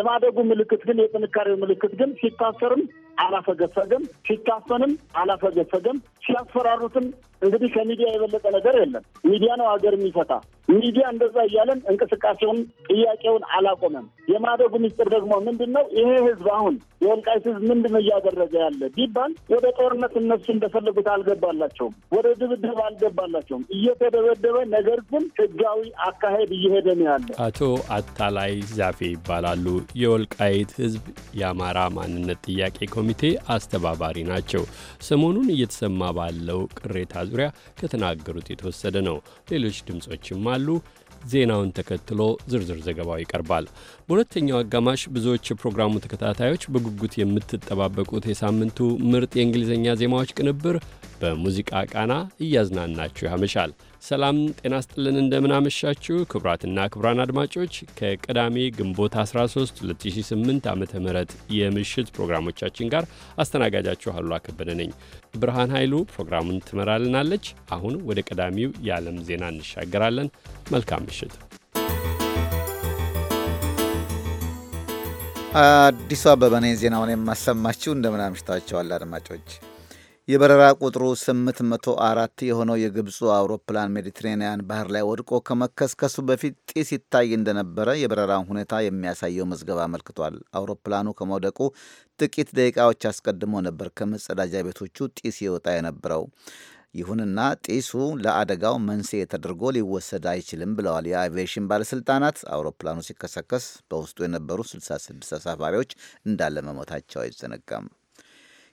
የማደጉ ምልክት ግን የጥንካሬው ምልክት ግን ሲታሰርም አላፈገፈገም፣ ሲታፈንም አላፈገፈገም፣ ሲያስፈራሩትም እንግዲህ ከሚዲያ የበለጠ ነገር የለም። ሚዲያ ነው ሀገር የሚፈታ። ሚዲያ እንደዛ እያለን እንቅስቃሴውን ጥያቄውን አላቆመም። የማደጉ ሚስጥር ደግሞ ምንድን ነው? ይሄ ህዝብ አሁን የወልቃይት ህዝብ ምንድን ነው እያደረገ ያለ ቢባል ወደ ጦርነት እነሱ እንደፈለጉት አልገባላቸውም፣ ወደ ድብድብ አልገባላቸውም። እየተደበደበ ነገር ግን ህጋዊ አካሄድ እየሄደ ነው ያለ። አቶ አታላይ ዛፌ ይባላሉ። የወልቃይት ህዝብ የአማራ ማንነት ጥያቄ ኮሚቴ አስተባባሪ ናቸው። ሰሞኑን እየተሰማ ባለው ቅሬታ ዙሪያ ከተናገሩት የተወሰደ ነው። ሌሎች ድምፆችም አሉ። ዜናውን ተከትሎ ዝርዝር ዘገባው ይቀርባል። በሁለተኛው አጋማሽ ብዙዎች የፕሮግራሙ ተከታታዮች በጉጉት የምትጠባበቁት የሳምንቱ ምርጥ የእንግሊዝኛ ዜማዎች ቅንብር በሙዚቃ ቃና እያዝናናችሁ ያመሻል። ሰላም ጤና ስጥልን። እንደምናመሻችሁ ክቡራትና ክቡራን አድማጮች ከቅዳሜ ግንቦት 13 2008 ዓ ም የምሽት ፕሮግራሞቻችን ጋር አስተናጋጃችሁ አሉላ ከበደ ነኝ። ብርሃን ኃይሉ ፕሮግራሙን ትመራልናለች። አሁን ወደ ቀዳሚው የዓለም ዜና እንሻገራለን። መልካም ምሽት። አዲሱ አበበ ነኝ ዜናውን የማሰማችሁ። እንደምናምሽታችኋል አድማጮች የበረራ ቁጥሩ 804 የሆነው የግብፁ አውሮፕላን ሜዲትሬንያን ባህር ላይ ወድቆ ከመከስከሱ በፊት ጢስ ይታይ እንደነበረ የበረራውን ሁኔታ የሚያሳየው መዝገብ አመልክቷል። አውሮፕላኑ ከመውደቁ ጥቂት ደቂቃዎች አስቀድሞ ነበር ከመጸዳጃ ቤቶቹ ጢስ ይወጣ የነበረው። ይሁንና ጢሱ ለአደጋው መንስኤ ተደርጎ ሊወሰድ አይችልም ብለዋል የአቪዬሽን ባለስልጣናት። አውሮፕላኑ ሲከሰከስ በውስጡ የነበሩ 66 ተሳፋሪዎች እንዳለ መሞታቸው አይዘነጋም።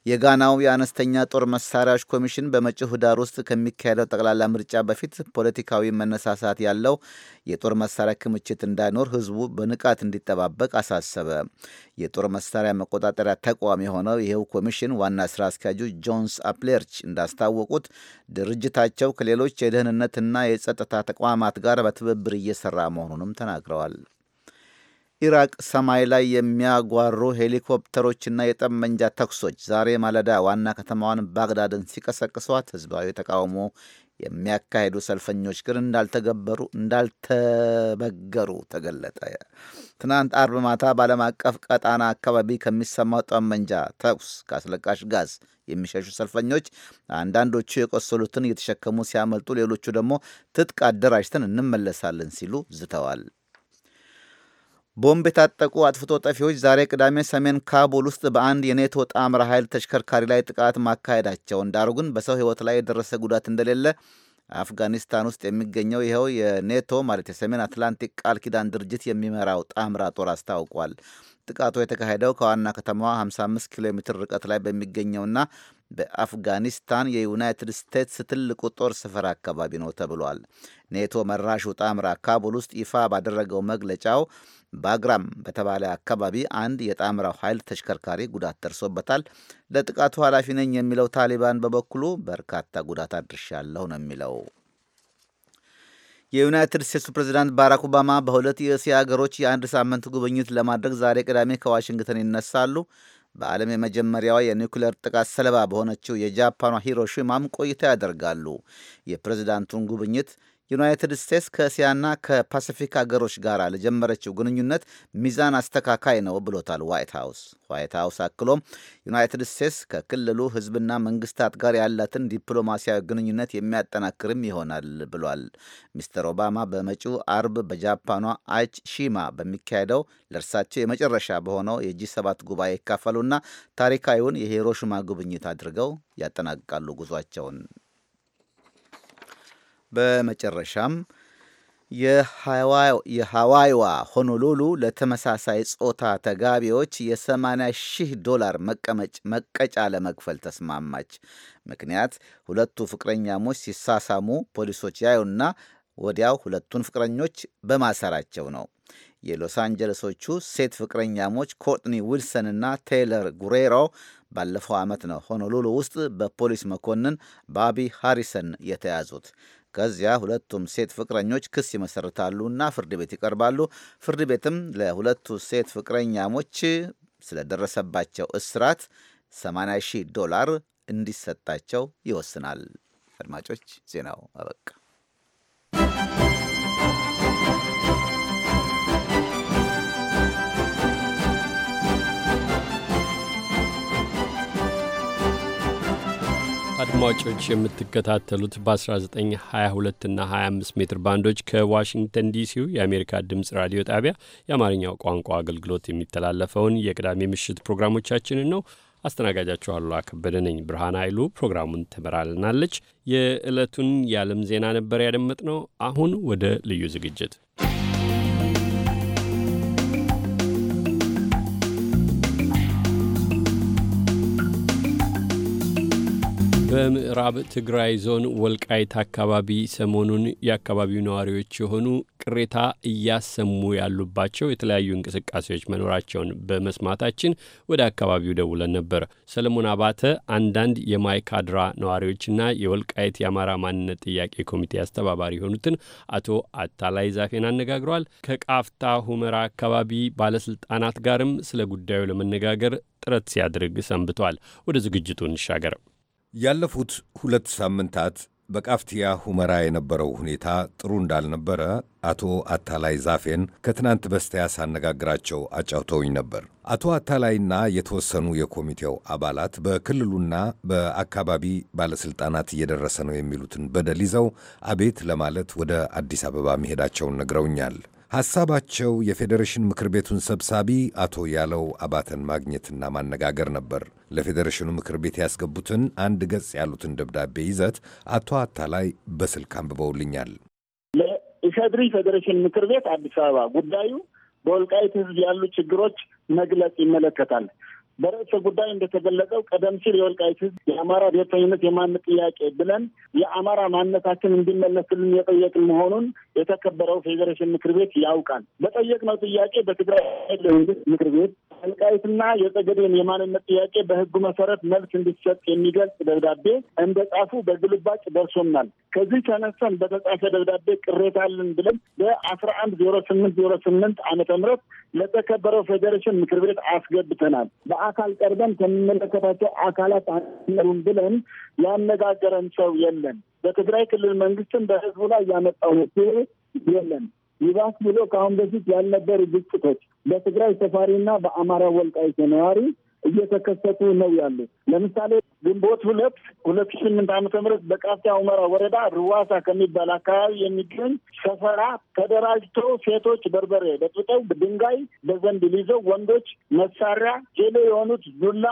የጋናው የአነስተኛ ጦር መሳሪያዎች ኮሚሽን በመጪው ህዳር ውስጥ ከሚካሄደው ጠቅላላ ምርጫ በፊት ፖለቲካዊ መነሳሳት ያለው የጦር መሳሪያ ክምችት እንዳይኖር ህዝቡ በንቃት እንዲጠባበቅ አሳሰበ። የጦር መሳሪያ መቆጣጠሪያ ተቋም የሆነው ይኸው ኮሚሽን ዋና ስራ አስኪያጁ ጆንስ አፕሌርች እንዳስታወቁት ድርጅታቸው ከሌሎች የደህንነትና የጸጥታ ተቋማት ጋር በትብብር እየሰራ መሆኑንም ተናግረዋል። ኢራቅ ሰማይ ላይ የሚያጓሩ ሄሊኮፕተሮችና የጠመንጃ ተኩሶች ዛሬ ማለዳ ዋና ከተማዋን ባግዳድን ሲቀሰቅሷት ህዝባዊ ተቃውሞ የሚያካሄዱ ሰልፈኞች ግን እንዳልተገበሩ እንዳልተበገሩ ተገለጠ። ትናንት አርብ ማታ በዓለም አቀፍ ቀጣና አካባቢ ከሚሰማው ጠመንጃ ተኩስ፣ ከአስለቃሽ ጋዝ የሚሸሹ ሰልፈኞች አንዳንዶቹ የቆሰሉትን እየተሸከሙ ሲያመልጡ፣ ሌሎቹ ደግሞ ትጥቅ አደራጅተን እንመለሳለን ሲሉ ዝተዋል። ቦምብ የታጠቁ አጥፍቶ ጠፊዎች ዛሬ ቅዳሜ ሰሜን ካቡል ውስጥ በአንድ የኔቶ ጣምራ ኃይል ተሽከርካሪ ላይ ጥቃት ማካሄዳቸውን፣ ዳሩ ግን በሰው ሕይወት ላይ የደረሰ ጉዳት እንደሌለ አፍጋኒስታን ውስጥ የሚገኘው ይኸው የኔቶ ማለት የሰሜን አትላንቲክ ቃል ኪዳን ድርጅት የሚመራው ጣምራ ጦር አስታውቋል። ጥቃቱ የተካሄደው ከዋና ከተማዋ 55 ኪሎ ሜትር ርቀት ላይ በሚገኘውና በአፍጋኒስታን የዩናይትድ ስቴትስ ትልቁ ጦር ስፍር አካባቢ ነው ተብሏል። ኔቶ መራሹ ጣምራ ካቡል ውስጥ ይፋ ባደረገው መግለጫው ባግራም በተባለ አካባቢ አንድ የጣምራው ኃይል ተሽከርካሪ ጉዳት ደርሶበታል። ለጥቃቱ ኃላፊ ነኝ የሚለው ታሊባን በበኩሉ በርካታ ጉዳት አድርሻለሁ ነው የሚለው። የዩናይትድ ስቴትሱ ፕሬዚዳንት ባራክ ኦባማ በሁለት የእስያ ሀገሮች የአንድ ሳምንት ጉብኝት ለማድረግ ዛሬ ቅዳሜ ከዋሽንግተን ይነሳሉ። በዓለም የመጀመሪያዋ የኒውክሌር ጥቃት ሰለባ በሆነችው የጃፓኗ ሂሮሺማም ቆይታ ያደርጋሉ። የፕሬዝዳንቱን ጉብኝት ዩናይትድ ስቴትስ ከእስያና ከፓሲፊክ ሀገሮች ጋር ለጀመረችው ግንኙነት ሚዛን አስተካካይ ነው ብሎታል ዋይት ሀውስ። ዋይት ሀውስ አክሎም ዩናይትድ ስቴትስ ከክልሉ ሕዝብና መንግስታት ጋር ያላትን ዲፕሎማሲያዊ ግንኙነት የሚያጠናክርም ይሆናል ብሏል። ሚስተር ኦባማ በመጪው አርብ በጃፓኗ አች ሺማ በሚካሄደው ለእርሳቸው የመጨረሻ በሆነው የጂ ሰባት ጉባኤ ይካፈሉና ታሪካዊውን የሂሮሽማ ጉብኝት አድርገው ያጠናቅቃሉ ጉዟቸውን። በመጨረሻም የሃዋይዋ ሆኖሉሉ ለተመሳሳይ ጾታ ተጋቢዎች የ80 ሺህ ዶላር መቀጫ ለመክፈል ተስማማች። ምክንያት ሁለቱ ፍቅረኛሞች ሲሳሳሙ ፖሊሶች ያዩና ወዲያው ሁለቱን ፍቅረኞች በማሰራቸው ነው። የሎስ አንጀለሶቹ ሴት ፍቅረኛሞች ኮርትኒ ዊልሰን እና ቴይለር ጉሬሮ ባለፈው ዓመት ነው ሆኖሉሉ ውስጥ በፖሊስ መኮንን ባቢ ሃሪሰን የተያዙት። ከዚያ ሁለቱም ሴት ፍቅረኞች ክስ ይመሰርታሉ እና ፍርድ ቤት ይቀርባሉ። ፍርድ ቤትም ለሁለቱ ሴት ፍቅረኛሞች ስለደረሰባቸው እስራት 80 ሺህ ዶላር እንዲሰጣቸው ይወስናል። አድማጮች ዜናው አበቃ። አድማጮች የምትከታተሉት በ1922 እና 25 ሜትር ባንዶች ከዋሽንግተን ዲሲው የአሜሪካ ድምፅ ራዲዮ ጣቢያ የአማርኛው ቋንቋ አገልግሎት የሚተላለፈውን የቅዳሜ ምሽት ፕሮግራሞቻችንን ነው። አስተናጋጃችኋሉ አሉላ ነኝ። ብርሃን ኃይሉ ፕሮግራሙን ትመራልናለች። የዕለቱን የዓለም ዜና ነበር ያደመጥነው። አሁን ወደ ልዩ ዝግጅት በምዕራብ ትግራይ ዞን ወልቃይት አካባቢ ሰሞኑን የአካባቢው ነዋሪዎች የሆኑ ቅሬታ እያሰሙ ያሉባቸው የተለያዩ እንቅስቃሴዎች መኖራቸውን በመስማታችን ወደ አካባቢው ደውለን ነበር። ሰለሞን አባተ አንዳንድ የማይካድራ ነዋሪዎችና የወልቃይት የአማራ ማንነት ጥያቄ ኮሚቴ አስተባባሪ የሆኑትን አቶ አታላይ ዛፌን አነጋግሯል። ከቃፍታ ሁመራ አካባቢ ባለስልጣናት ጋርም ስለ ጉዳዩ ለመነጋገር ጥረት ሲያደርግ ሰንብቷል። ወደ ዝግጅቱ እንሻገር። ያለፉት ሁለት ሳምንታት በቃፍቲያ ሁመራ የነበረው ሁኔታ ጥሩ እንዳልነበረ አቶ አታላይ ዛፌን ከትናንት በስቲያ ሳነጋግራቸው አጫውተውኝ ነበር። አቶ አታላይና የተወሰኑ የኮሚቴው አባላት በክልሉና በአካባቢ ባለሥልጣናት እየደረሰ ነው የሚሉትን በደል ይዘው አቤት ለማለት ወደ አዲስ አበባ መሄዳቸውን ነግረውኛል። ሐሳባቸው የፌዴሬሽን ምክር ቤቱን ሰብሳቢ አቶ ያለው አባተን ማግኘትና ማነጋገር ነበር። ለፌዴሬሽኑ ምክር ቤት ያስገቡትን አንድ ገጽ ያሉትን ደብዳቤ ይዘት አቶ አታላይ በስልክ አንብበውልኛል። ለኢፌድሪ ፌዴሬሽን ምክር ቤት አዲስ አበባ ጉዳዩ በወልቃይት ሕዝብ ያሉ ችግሮች መግለጽ ይመለከታል። በርዕሰ ጉዳይ እንደተገለጸው ቀደም ሲል የወልቃይት ህዝብ የአማራ ብሔርተኝነት የማን ጥያቄ ብለን የአማራ ማንነታችን እንዲመለስልን የጠየቅን መሆኑን የተከበረው ፌዴሬሽን ምክር ቤት ያውቃል። በጠየቅነው ጥያቄ በትግራይ መንግስት ምክር ቤት ወልቃይትና የጸገዴን የማንነት ጥያቄ በህጉ መሰረት መልስ እንዲሰጥ የሚገልጽ ደብዳቤ እንደጻፉ በግልባጭ ደርሶናል። ከዚህ ተነሰን በተጻፈ ደብዳቤ ቅሬታ አለን ብለን በአስራ አንድ ዜሮ ስምንት ዜሮ ስምንት ዓመተ ምህረት ለተከበረው ፌዴሬሽን ምክር ቤት አስገብተናል። አካል ቀርበን ከሚመለከታቸው አካላት አንሩን ብለን ያነጋገረን ሰው የለም። በትግራይ ክልል መንግስትም በህዝቡ ላይ ያመጣው መፍትሄ የለም። ይባስ ብሎ ከአሁን በፊት ያልነበሩ ግጭቶች በትግራይ ሰፋሪና በአማራ ወልቃይት ነዋሪ እየተከሰቱ ነው ያሉ። ለምሳሌ ግንቦት ሁለት ሁለት ሺ ስምንት ዓመተ ምህረት በቃፍታ ሁመራ ወረዳ ርዋሳ ከሚባል አካባቢ የሚገኝ ሰፈራ ተደራጅቶ ሴቶች በርበሬ ለጥጠው ድንጋይ በዘንድ ይዘው ወንዶች መሳሪያ ሄሎ የሆኑት ዱላ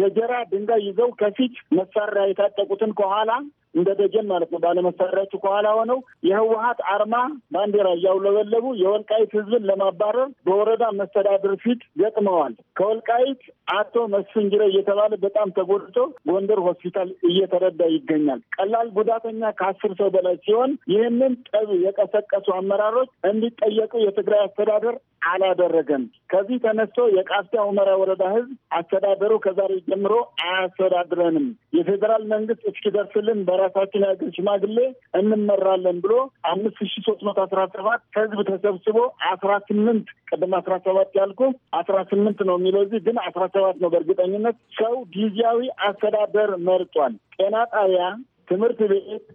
ገጀራ ድንጋይ ይዘው ከፊት መሳሪያ የታጠቁትን ከኋላ እንደ ደጀን ማለት ነው። ባለመሳሪያቸው ከኋላ ሆነው የህወሀት አርማ ባንዲራ እያውለበለቡ የወልቃይት ህዝብን ለማባረር በወረዳ መስተዳድር ፊት ገጥመዋል። ከወልቃይት አቶ መስፍን ጅረ እየተባለ በጣም ተጎድቶ ጎንደር ሆስፒታል እየተረዳ ይገኛል። ቀላል ጉዳተኛ ከአስር ሰው በላይ ሲሆን ይህንን ጠብ የቀሰቀሱ አመራሮች እንዲጠየቁ የትግራይ አስተዳደር አላደረገም። ከዚህ ተነስቶ የቃፍታ ሁመራ ወረዳ ህዝብ አስተዳደሩ ከዛሬ ጀምሮ አያስተዳድረንም የፌዴራል መንግስት እስኪደርስልን ደርስልን ። በራሳችን ሀገር ሽማግሌ እንመራለን ብሎ አምስት ሺ ሶስት መቶ አስራ ሰባት ህዝብ ተሰብስቦ አስራ ስምንት ቅድም አስራ ሰባት ያልኩ አስራ ስምንት ነው የሚለው እዚህ ግን አስራ ሰባት ነው። በእርግጠኝነት ሰው ጊዜያዊ አስተዳደር መርጧል። ጤና ጣቢያ፣ ትምህርት ቤት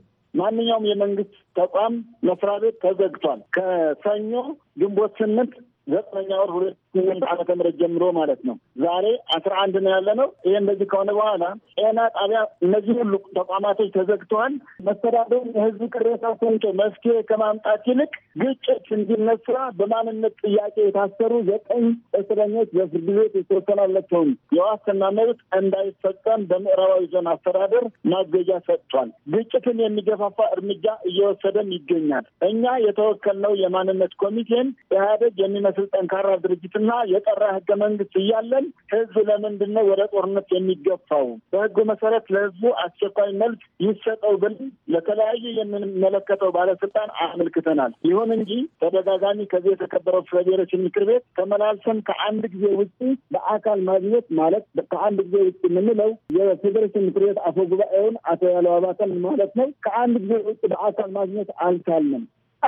ማንኛውም የመንግስት ተቋም መስሪያ ቤት ተዘግቷል። ከሰኞ ግንቦት ስምንት ዘጠነኛ ወር ሁለት ስምንት ዓመተ ምህረት ጀምሮ ማለት ነው። ዛሬ አስራ አንድ ነው ያለ ነው። ይሄ እንደዚህ ከሆነ በኋላ ጤና ጣቢያ፣ እነዚህ ሁሉ ተቋማቶች ተዘግተዋል። መስተዳደሩም የህዝብ ቅሬታ ሰምቶ መፍትሄ ከማምጣት ይልቅ ግጭት እንዲነሳ በማንነት ጥያቄ የታሰሩ ዘጠኝ እስረኞች በፍርድ ቤት የተወሰናላቸውን የዋስትና መብት እንዳይፈጸም በምዕራባዊ ዞን አስተዳደር ማገጃ ሰጥቷል። ግጭትን የሚገፋፋ እርምጃ እየወሰደም ይገኛል። እኛ የተወከልነው የማንነት ኮሚቴን ኢህአዴግ የሚመስል ጠንካራ ድርጅትን እና የጠራ ህገ መንግስት እያለን ህዝብ ለምንድን ነው ወደ ጦርነት የሚገፋው? በህጉ መሰረት ለህዝቡ አስቸኳይ መልክ ይሰጠው ብለን ለተለያዩ የምንመለከተው ባለስልጣን አመልክተናል። ይሁን እንጂ ተደጋጋሚ ከዚህ የተከበረው ስለ ምክር ቤት ተመላልሰን ከአንድ ጊዜ ውጭ በአካል ማግኘት ማለት ከአንድ ጊዜ ውጭ የምንለው የፌዴሬሽን ምክር ቤት አፈ ጉባኤውን አቶ ያለው አባተን ማለት ነው። ከአንድ ጊዜ ውጭ በአካል ማግኘት አልቻልንም።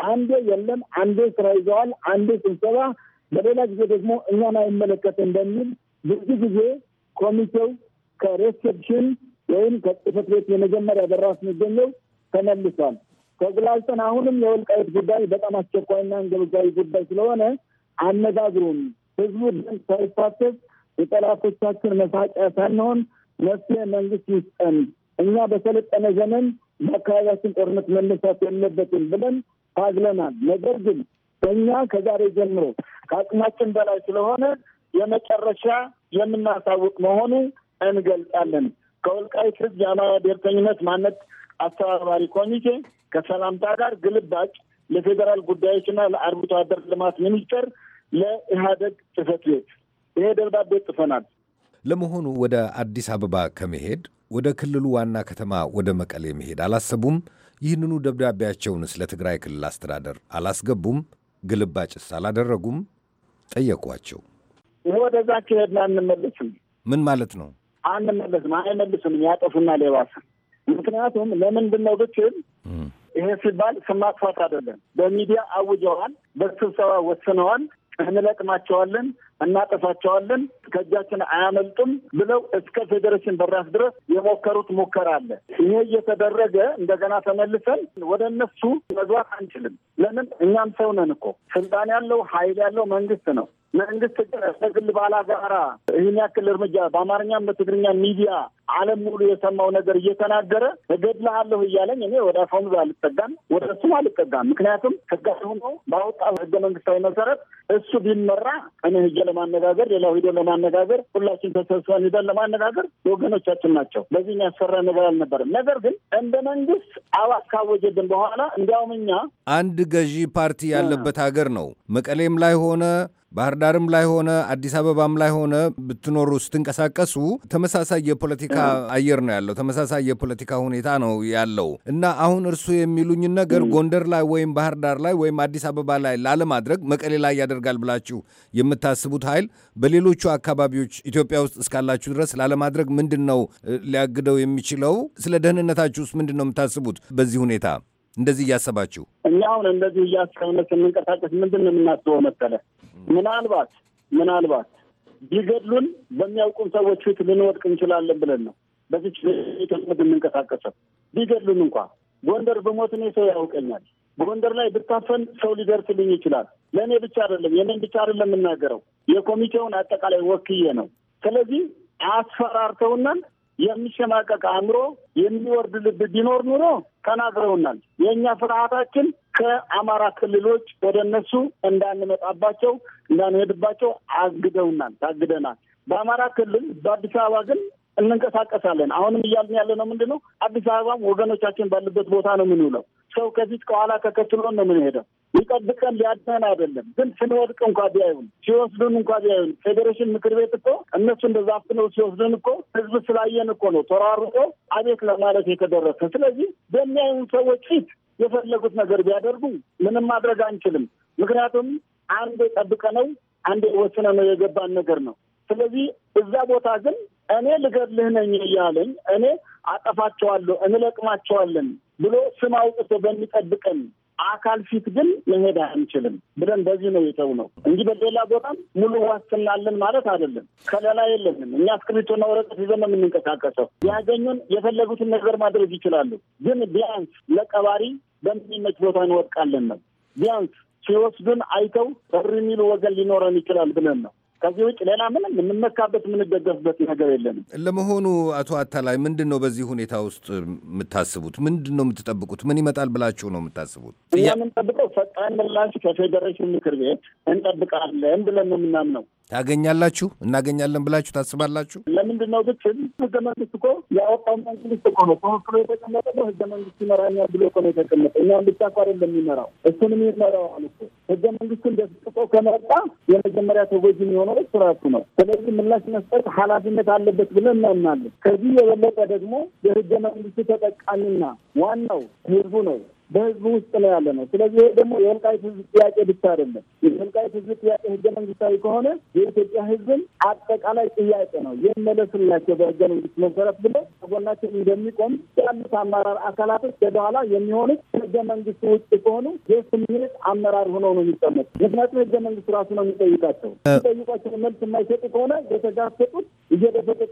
አንዴ የለም፣ አንዴ ስራ ይዘዋል፣ አንዴ ስብሰባ ለሌላ ጊዜ ደግሞ እኛን አይመለከትም በሚል ብዙ ጊዜ ኮሚቴው ከሬሴፕሽን ወይም ከጽህፈት ቤት የመጀመሪያ በራ የሚገኘው ተመልሷል። ተጉላልተን አሁንም የወልቃይት ጉዳይ በጣም አስቸኳይና አንገብጋቢ ጉዳይ ስለሆነ አነጋግሩን፣ ህዝቡ ድን ሳይሳተፍ የጠላቶቻችን መሳቂያ ሳንሆን መፍትሄ መንግስት ይስጠን፣ እኛ በሰለጠነ ዘመን በአካባቢያችን ጦርነት መነሳት የለበትም ብለን ታግለናል። ነገር ግን በእኛ ከዛሬ ጀምሮ ከአቅማችን በላይ ስለሆነ የመጨረሻ የምናሳውቅ መሆኑ እንገልጻለን። ከወልቃይት ህዝብ የአማራ ብሔርተኝነት ማነት አስተባባሪ ኮሚቴ ከሰላምታ ጋር ግልባጭ ለፌዴራል ጉዳዮችና ለአርብቶ አደር ልማት ሚኒስቴር ለኢህአደግ ጽህፈት ቤት ይሄ ደብዳቤ ጽፈናል። ለመሆኑ ወደ አዲስ አበባ ከመሄድ ወደ ክልሉ ዋና ከተማ ወደ መቀሌ መሄድ አላሰቡም? ይህንኑ ደብዳቤያቸውንስ ለትግራይ ክልል አስተዳደር አላስገቡም? ግልባጭስ አላደረጉም? ጠየቋቸው። ወደዛ ከሄድን አንመለስም። ምን ማለት ነው? አንመለስም፣ አይመልስም፣ ያጠፉና ሌባስ። ምክንያቱም ለምንድን ነው ብትል ይሄ ሲባል ስም ማጥፋት አይደለም። በሚዲያ አውጀዋል፣ በስብሰባ ወስነዋል፣ እንለቅማቸዋለን፣ እናጠፋቸዋለን፣ ከእጃችን አያመልጡም ብለው እስከ ፌዴሬሽን በራስ ድረስ የሞከሩት ሙከራ አለ። ይሄ እየተደረገ እንደገና ተመልሰን ወደ እነሱ መግባት አንችልም። ለምን? እኛም ሰው ነን እኮ። ስልጣን ያለው ኃይል ያለው መንግስት ነው። መንግስት ከግል ባላ ጋራ ይህን ያክል እርምጃ በአማርኛም በትግርኛ ሚዲያ ዓለም ሙሉ የሰማው ነገር እየተናገረ እገድልሃለሁ እያለኝ እኔ ወደ አፈሙዝ አልጠጋም፣ ወደ እሱም አልጠጋም። ምክንያቱም ህጋ ሆኖ ባወጣ ህገ መንግስታዊ መሰረት እሱ ቢመራ እኔ ሄጄ ለማነጋገር ሌላው ሂዶ ለማነጋገር ሁላችን ተሰብስበን ሂደን ለማነጋገር ወገኖቻችን ናቸው። በዚህ የሚያስፈራ ነገር አልነበረም። ነገር ግን እንደ መንግስት አዋጅ ካወጀብን በኋላ እንዲያውም እኛ አንድ ገዢ ፓርቲ ያለበት ሀገር ነው መቀሌም ላይ ሆነ ባህር ዳርም ላይ ሆነ አዲስ አበባም ላይ ሆነ ብትኖሩ ስትንቀሳቀሱ ተመሳሳይ የፖለቲካ አየር ነው ያለው፣ ተመሳሳይ የፖለቲካ ሁኔታ ነው ያለው እና አሁን እርሱ የሚሉኝን ነገር ጎንደር ላይ ወይም ባህር ዳር ላይ ወይም አዲስ አበባ ላይ ላለማድረግ መቀሌ ላይ ያደርጋል ብላችሁ የምታስቡት ኃይል በሌሎቹ አካባቢዎች ኢትዮጵያ ውስጥ እስካላችሁ ድረስ ላለማድረግ ምንድን ነው ሊያግደው የሚችለው? ስለ ደህንነታችሁ ውስጥ ምንድን ነው የምታስቡት በዚህ ሁኔታ? እንደዚህ እያሰባችሁ? እኛ አሁን እንደዚህ እያሰብነ ስንንቀሳቀስ ምንድን ነው የምናስበው መሰለ ምናልባት ምናልባት ቢገድሉን በሚያውቁን ሰዎች ፊት ልንወድቅ እንችላለን ብለን ነው በዚች ኢትዮጵያ የምንቀሳቀሰው። ቢገድሉን እንኳ ጎንደር ብሞት እኔ ሰው ያውቀኛል። ጎንደር ላይ ብታፈን ሰው ሊደርስልኝ ይችላል። ለእኔ ብቻ አይደለም የእኔን ብቻ አይደለም የምናገረው የኮሚቴውን አጠቃላይ ወክዬ ነው። ስለዚህ አስፈራርተውናል። የሚሸማቀቅ አእምሮ፣ የሚወርድ ልብ ቢኖር ኑሮ ተናግረውናል። የእኛ ፍርሃታችን ከአማራ ክልሎች ወደ እነሱ እንዳንመጣባቸው እንዳንሄድባቸው አግደውናል፣ ታግደናል። በአማራ ክልል በአዲስ አበባ ግን እንንቀሳቀሳለን። አሁንም እያልን ያለ ነው ምንድን ነው አዲስ አበባም ወገኖቻችን ባሉበት ቦታ ነው የምንውለው። ሰው ከዚህ ከኋላ ተከትሎን ነው የምንሄደው። ሊጠብቀን ሊያድነን አይደለም። ግን ስንወድቅ እንኳ ቢያዩን ሲወስዱን እንኳ ቢያዩን ፌዴሬሽን ምክር ቤት እኮ እነሱ እንደዛ አፍነው ሲወስዱን እኮ ህዝብ ስላየን እኮ ነው ተሯሩጦ አቤት ለማለት የተደረሰ። ስለዚህ በሚያዩን ሰዎች ፊት የፈለጉት ነገር ቢያደርጉ ምንም ማድረግ አንችልም። ምክንያቱም አንዴ ጠብቀ ነው አንዴ ወስነ ነው የገባን ነገር ነው። ስለዚህ እዛ ቦታ ግን እኔ ልገድልህ ነኝ እያለኝ እኔ አጠፋቸዋለሁ እንለቅማቸዋለን ብሎ ስም አውጥቶ በሚጠብቀን አካል ፊት ግን መሄድ አንችልም ብለን በዚህ ነው የተው ነው እንጂ በሌላ ቦታም ሙሉ ዋስትና አለን ማለት አይደለም። ከለላ የለንም። እኛ እስክሪቶና ወረቀት ይዘን ነው የምንንቀሳቀሰው። ያገኙን የፈለጉትን ነገር ማድረግ ይችላሉ። ግን ቢያንስ ለቀባሪ በሚመች ቦታ እንወድቃለን ነው ቢያንስ ሲወስዱን አይተው ብር የሚሉ ወገን ሊኖረን ይችላል ብለን ነው ከዚህ ውጭ ሌላ ምንም የምንመካበት የምንደገፍበት ነገር የለንም። ለመሆኑ አቶ አታላይ ምንድን ነው በዚህ ሁኔታ ውስጥ የምታስቡት? ምንድን ነው የምትጠብቁት? ምን ይመጣል ብላችሁ ነው የምታስቡት? እኛ የምንጠብቀው ፈጣን ምላሽ ከፌዴሬሽን ምክር ቤት እንጠብቃለን ብለን ነው የምናምነው። ታገኛላችሁ እናገኛለን ብላችሁ ታስባላችሁ? ለምንድን ነው ግን ህገ መንግስት እኮ ያወጣው መንግስት እኮ ነው ተወክሎ የተቀመጠ ህገ መንግስት ይመራኛል ብሎ እኮ ነው የተቀመጠ። እኛም ብቻ እኮ አይደለም የሚመራው እሱንም ይመራው አሉ። ህገ መንግስቱን ደስጥቆ ከመጣ የመጀመሪያ ተጎጂ የሚሆነው ስራቱ ነው። ስለዚህ ምላሽ መስጠት ኃላፊነት አለበት ብለን እናምናለን። ከዚህ የበለጠ ደግሞ የህገ መንግስቱ ተጠቃሚና ዋናው ህዝቡ ነው። በህዝቡ ውስጥ ላይ ያለ ነው። ስለዚህ ይሄ ደግሞ የወልቃይት ህዝብ ጥያቄ ብቻ አይደለም። የወልቃይት ህዝብ ጥያቄ ህገ መንግስታዊ ከሆነ የኢትዮጵያ ህዝብን አጠቃላይ ጥያቄ ነው። ይመለስላቸው በህገ መንግስት መሰረት ብሎ ከጎናችን እንደሚቆም ያሉት አመራር አካላቶች ወደኋላ የሚሆኑት ከህገ መንግስቱ ውጭ ከሆኑ የስሜት አመራር ሆኖ ነው የሚቀመጡ። ምክንያቱም ህገ መንግስቱ ራሱ ነው የሚጠይቃቸው። የሚጠይቋቸው መልስ የማይሰጡ ከሆነ የተጋፈጡት እየደፈጡት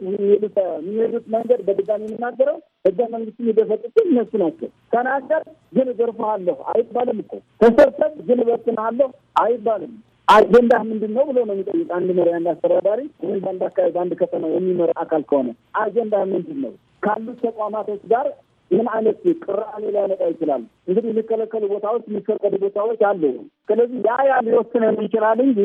የሚሄዱት መንገድ በድጋሚ የምናገረው ህገ መንግስቱ የደፈጡት እነሱ ናቸው። ተናገር ግን እገርፍሃለሁ አይባልም እኮ ተሰብሰብ ግን እበትንሃለሁ አይባልም። አጀንዳ ምንድን ነው ብሎ ነው የሚጠይቅ አንድ መሪ፣ አንድ አስተዳዳሪ ወይም በአንድ አካባቢ በአንድ ከተማ የሚመራ አካል ከሆነ አጀንዳ ምንድን ነው ካሉት ተቋማቶች ጋር ምን አይነት ቅራኔ ሊያመጣ ይችላል። እንግዲህ የሚከለከሉ ቦታዎች፣ የሚፈቀዱ ቦታዎች አሉ። ስለዚህ ያ ያ ሊወስን ይችላል እንጂ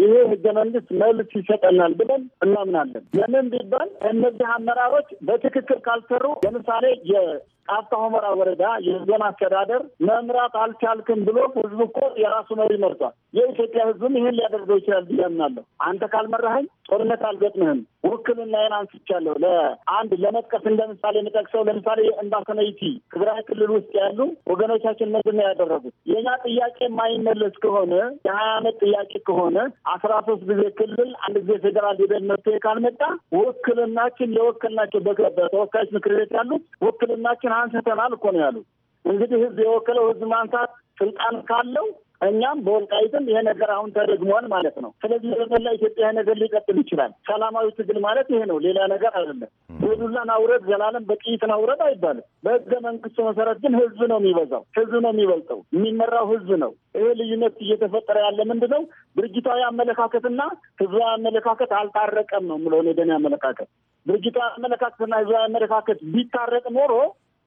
ይሄ ህገ መንግስት መልስ ይሰጠናል ብለን እናምናለን። ለምን ቢባል እነዚህ አመራሮች በትክክል ካልሰሩ፣ ለምሳሌ የቃፍታ ሁመራ ወረዳ የዞን አስተዳደር መምራት አልቻልክም ብሎ ህዝብ እኮ የራሱ መሪ መርጧል። የኢትዮጵያ ህዝብም ይህን ሊያደርገው ይችላል ብዬ አምናለሁ። አንተ ካልመራኸኝ ጦርነት አልገጥምህም። ውክልናዬን አንስቻለሁ። ለአንድ ለመጥቀስ እንደ ምሳሌ የምጠቅሰው ለምሳሌ የእምባሰነይቲ ትግራይ ክልል ውስጥ ያሉ ወገኖቻችን ምንድን ነው ያደረጉት? የኛ ጥያቄ የማይመለስ ከሆነ የሀያ አመት ጥያቄ ከሆነ አስራ ሶስት ጊዜ ክልል አንድ ጊዜ ፌዴራል ሂደን መፍትሄ ካልመጣ ውክልናችን ለወክልናቸው በተወካዮች ምክር ቤት ያሉት ውክልናችን አንስተናል እኮ ነው ያሉት። እንግዲህ ህዝብ የወከለው ህዝብ ማንሳት ስልጣን ካለው እኛም በወልቃይትም ይሄ ነገር አሁን ተደግሟል ማለት ነው። ስለዚህ በመላ ኢትዮጵያ ይሄ ነገር ሊቀጥል ይችላል። ሰላማዊ ትግል ማለት ይሄ ነው፣ ሌላ ነገር አይደለም። በዱላን አውረድ ዘላለም በጥይትን አውረድ አይባልም። በህገ መንግስቱ መሰረት ግን ህዝብ ነው የሚበዛው፣ ህዝብ ነው የሚበልጠው፣ የሚመራው ህዝብ ነው። ይሄ ልዩነት እየተፈጠረ ያለ ምንድን ነው? ድርጅታዊ አመለካከትና ህዝባዊ አመለካከት አልታረቀም ነው የምለው እኔ ደኔ አመለካከት። ድርጅታዊ አመለካከትና ህዝባዊ አመለካከት ቢታረቅ ኖሮ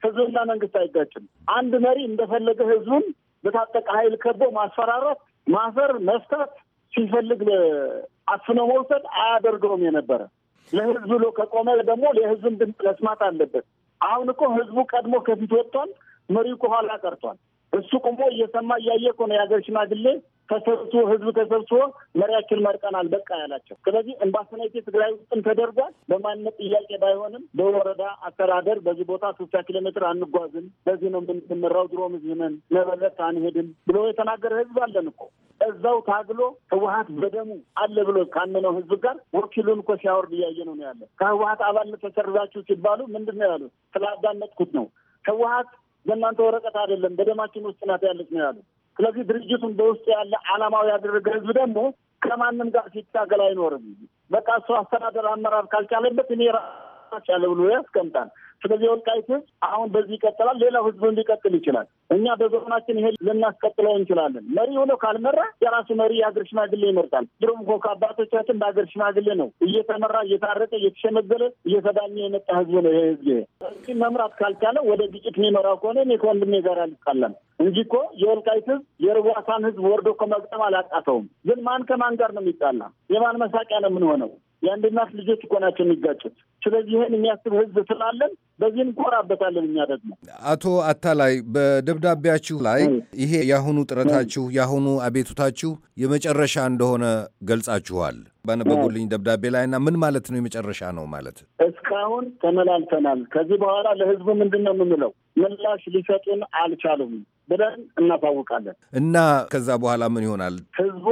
ህዝብና መንግስት አይጋጭም። አንድ መሪ እንደፈለገ ህዝቡን በታጠቀ ኃይል ከቦ ማስፈራራት፣ ማሰር፣ መስታት ሲፈልግ አፍኖ መውሰድ አያደርገውም የነበረ ለህዝብ ብሎ ከቆመ ደግሞ ለህዝብ ድምፅ መስማት አለበት። አሁን እኮ ህዝቡ ቀድሞ ከፊት ወጥቷል፣ መሪው ከኋላ ቀርቷል። እሱ ቁሞ እየሰማ እያየ እኮ ነው የሀገር ሽማግሌ ተሰብስቦ ህዝብ ተሰብስቦ መሪያችን መርጠናል በቃ ያላቸው። ስለዚህ እምባሰናይቴ ትግራይ ውስጥም ተደርጓል። በማንነት ጥያቄ ባይሆንም በወረዳ አስተዳደር በዚህ ቦታ ስልሳ ኪሎ ሜትር አንጓዝም፣ በዚህ ነው የምንመራው፣ ድሮም እዚህ ነን፣ ነበለት አንሄድም ብሎ የተናገረ ህዝብ አለን እኮ እዛው ታግሎ ህወሀት በደሙ አለ ብሎ ካመነው ህዝብ ጋር ወኪሉን እኮ ሲያወርድ እያየ ነው ያለ። ከህወሀት አባልነት ተሰርዛችሁ ሲባሉ ምንድን ነው ያሉት? ስላዳመጥኩት ነው ህወሀት በእናንተ ወረቀት አይደለም በደማችን ውስጥ ናት ያለች ነው ያሉት። ስለዚህ ድርጅቱን በውስጡ ያለ አላማው ያደረገ ህዝብ ደግሞ ከማንም ጋር ሲታገል አይኖርም። በቃ እሱ አስተዳደር አመራር ካልቻለበት እኔ ራሳች ብሎ ያስቀምጣል። ስለዚህ የወልቃይት ህዝብ አሁን በዚህ ይቀጥላል፣ ሌላው ህዝብ ሊቀጥል ይችላል። እኛ በዞናችን ይሄ ልናስቀጥለው እንችላለን። መሪ ሆኖ ካልመራ የራሱ መሪ የሀገር ሽማግሌ ይመርጣል። ድሮም እኮ ከአባቶቻችን በሀገር ሽማግሌ ነው እየተመራ እየታረቀ እየተሸመገለ እየተዳኘ የመጣ ህዝብ ነው። ይሄ ህዝብ ይሄ መምራት ካልቻለ ወደ ግጭት የሚመራው ከሆነ እኔ ከወንድሜ ጋር አልጣላም እንጂ እኮ የወልቃይት ህዝብ የርዋሳን ህዝብ ወርዶ እኮ መግጠም አላቃተውም። ግን ማን ከማን ጋር ነው የሚጣላ? የማን መሳቂያ ነው የምንሆነው? የአንድ እናት ልጆች እኮ ናቸው የሚጋጩት። ስለዚህ ይህን የሚያስብ ህዝብ ስላለን በዚህ እንኮራበታለን። እኛ ደግሞ አቶ አታላይ በደብዳቤያችሁ ላይ ይሄ የአሁኑ ጥረታችሁ የአሁኑ አቤቱታችሁ የመጨረሻ እንደሆነ ገልጻችኋል ባነበቡልኝ ደብዳቤ ላይ እና ምን ማለት ነው የመጨረሻ ነው ማለት? እስካሁን ተመላልተናል። ከዚህ በኋላ ለህዝቡ ምንድን ነው የምንለው? ምላሽ ሊሰጡን አልቻሉም ብለን እናሳውቃለን። እና ከዛ በኋላ ምን ይሆናል? ህዝቡ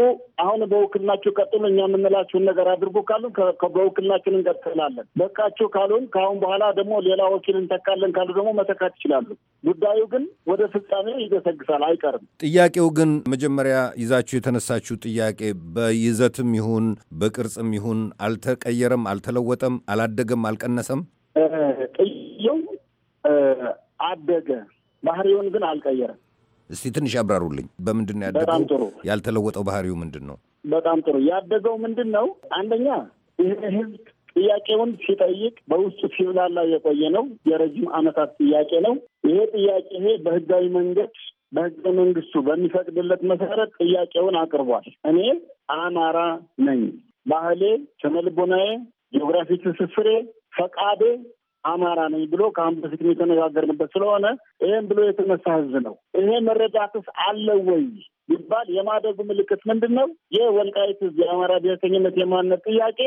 አሁን በውክልናችሁ ቀጥሉ፣ እኛ የምንላችሁን ነገር አድርጉ ካሉን በውክልናችን እንቀጥላለን። በቃችሁ ካሉን ከአሁን በኋላ ደግሞ ሌላ ወኪል እንተካለን ካሉ ደግሞ መተካት ይችላሉ። ጉዳዩ ግን ወደ ፍጻሜ ይገሰግሳል፣ አይቀርም። ጥያቄው ግን መጀመሪያ ይዛችሁ የተነሳችሁ ጥያቄ በይዘትም ይሁን በቅርጽም ይሁን አልተቀየረም፣ አልተለወጠም፣ አላደገም፣ አልቀነሰም ጥያቄው አደገ። ባህሪውን ግን አልቀየረም። እስቲ ትንሽ ያብራሩልኝ። በምንድን ነው ያደገው? በጣም ጥሩ። ያልተለወጠው ባህሪው ምንድን ነው? በጣም ጥሩ። ያደገው ምንድን ነው? አንደኛ ይህ ህዝብ ጥያቄውን ሲጠይቅ በውስጡ ሲብላላ የቆየ ነው። የረጅም ዓመታት ጥያቄ ነው። ይሄ ጥያቄ ይሄ በህጋዊ መንገድ በህገ መንግስቱ በሚፈቅድለት መሰረት ጥያቄውን አቅርቧል። እኔ አማራ ነኝ፣ ባህሌ፣ ስነልቦናዬ፣ ጂኦግራፊ ትስስሬ፣ ፈቃዴ አማራ ነኝ ብሎ ከአንድ በፊት የተነጋገርንበት ስለሆነ ይህም ብሎ የተነሳ ህዝብ ነው። ይሄ መረዳትስ አለ ወይ ይባል የማደጉ ምልክት ምንድን ነው? ይህ ወልቃይት ህዝብ የአማራ ብሔርተኝነት የማንነት ጥያቄ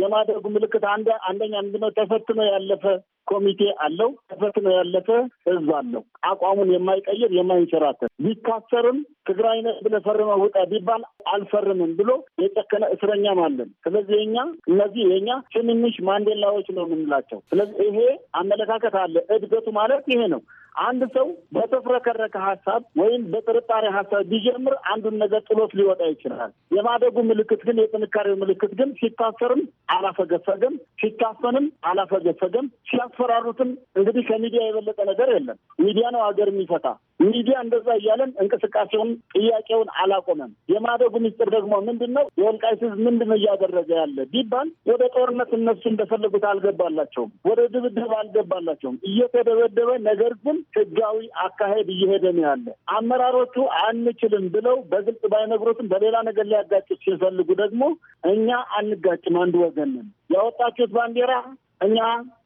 የማድረጉ ምልክት አንደ አንደኛ ምንድነው ተፈትኖ ያለፈ ኮሚቴ አለው። ተፈትኖ ያለፈ ህዝብ አለው። አቋሙን የማይቀይር የማይንሸራተት ቢታሰርም ትግራይ ነህ ብለህ ፈርመህ ውጣ ቢባል አልፈርምም ብሎ የጨከነ እስረኛም አለን። ስለዚህ የኛ እነዚህ የኛ ትንንሽ ማንዴላዎች ነው የምንላቸው። ስለዚህ ይሄ አመለካከት አለ። እድገቱ ማለት ይሄ ነው። አንድ ሰው በተፍረከረከ ሀሳብ ወይም በጥርጣሬ ሀሳብ ቢጀምር አንዱን ነገር ጥሎት ሊወጣ ይችላል። የማደጉ ምልክት ግን የጥንካሬው ምልክት ግን ሲታሰርም አላፈገፈገም፣ ሲታፈንም አላፈገፈገም፣ ሲያስፈራሩትም እንግዲህ ከሚዲያ የበለጠ ነገር የለም። ሚዲያ ነው ሀገር የሚፈታ። ሚዲያ እንደዛ እያለን እንቅስቃሴውን ጥያቄውን አላቆመም። የማደጉ ሚስጥር ደግሞ ምንድን ነው? የወልቃይት ሕዝብ ምንድን እያደረገ ያለ ቢባል ወደ ጦርነት እነሱ እንደፈለጉት አልገባላቸውም፣ ወደ ድብድብ አልገባላቸውም። እየተደበደበ ነገር ግን ህጋዊ አካሄድ እየሄደ ነው ያለ። አመራሮቹ አንችልም ብለው በግልጽ ባይነግሮትም በሌላ ነገር ሊያጋጩት ሲፈልጉ ደግሞ እኛ አንጋጭም፣ አንድ ወገን ነን። ያወጣችሁት ባንዲራ እኛ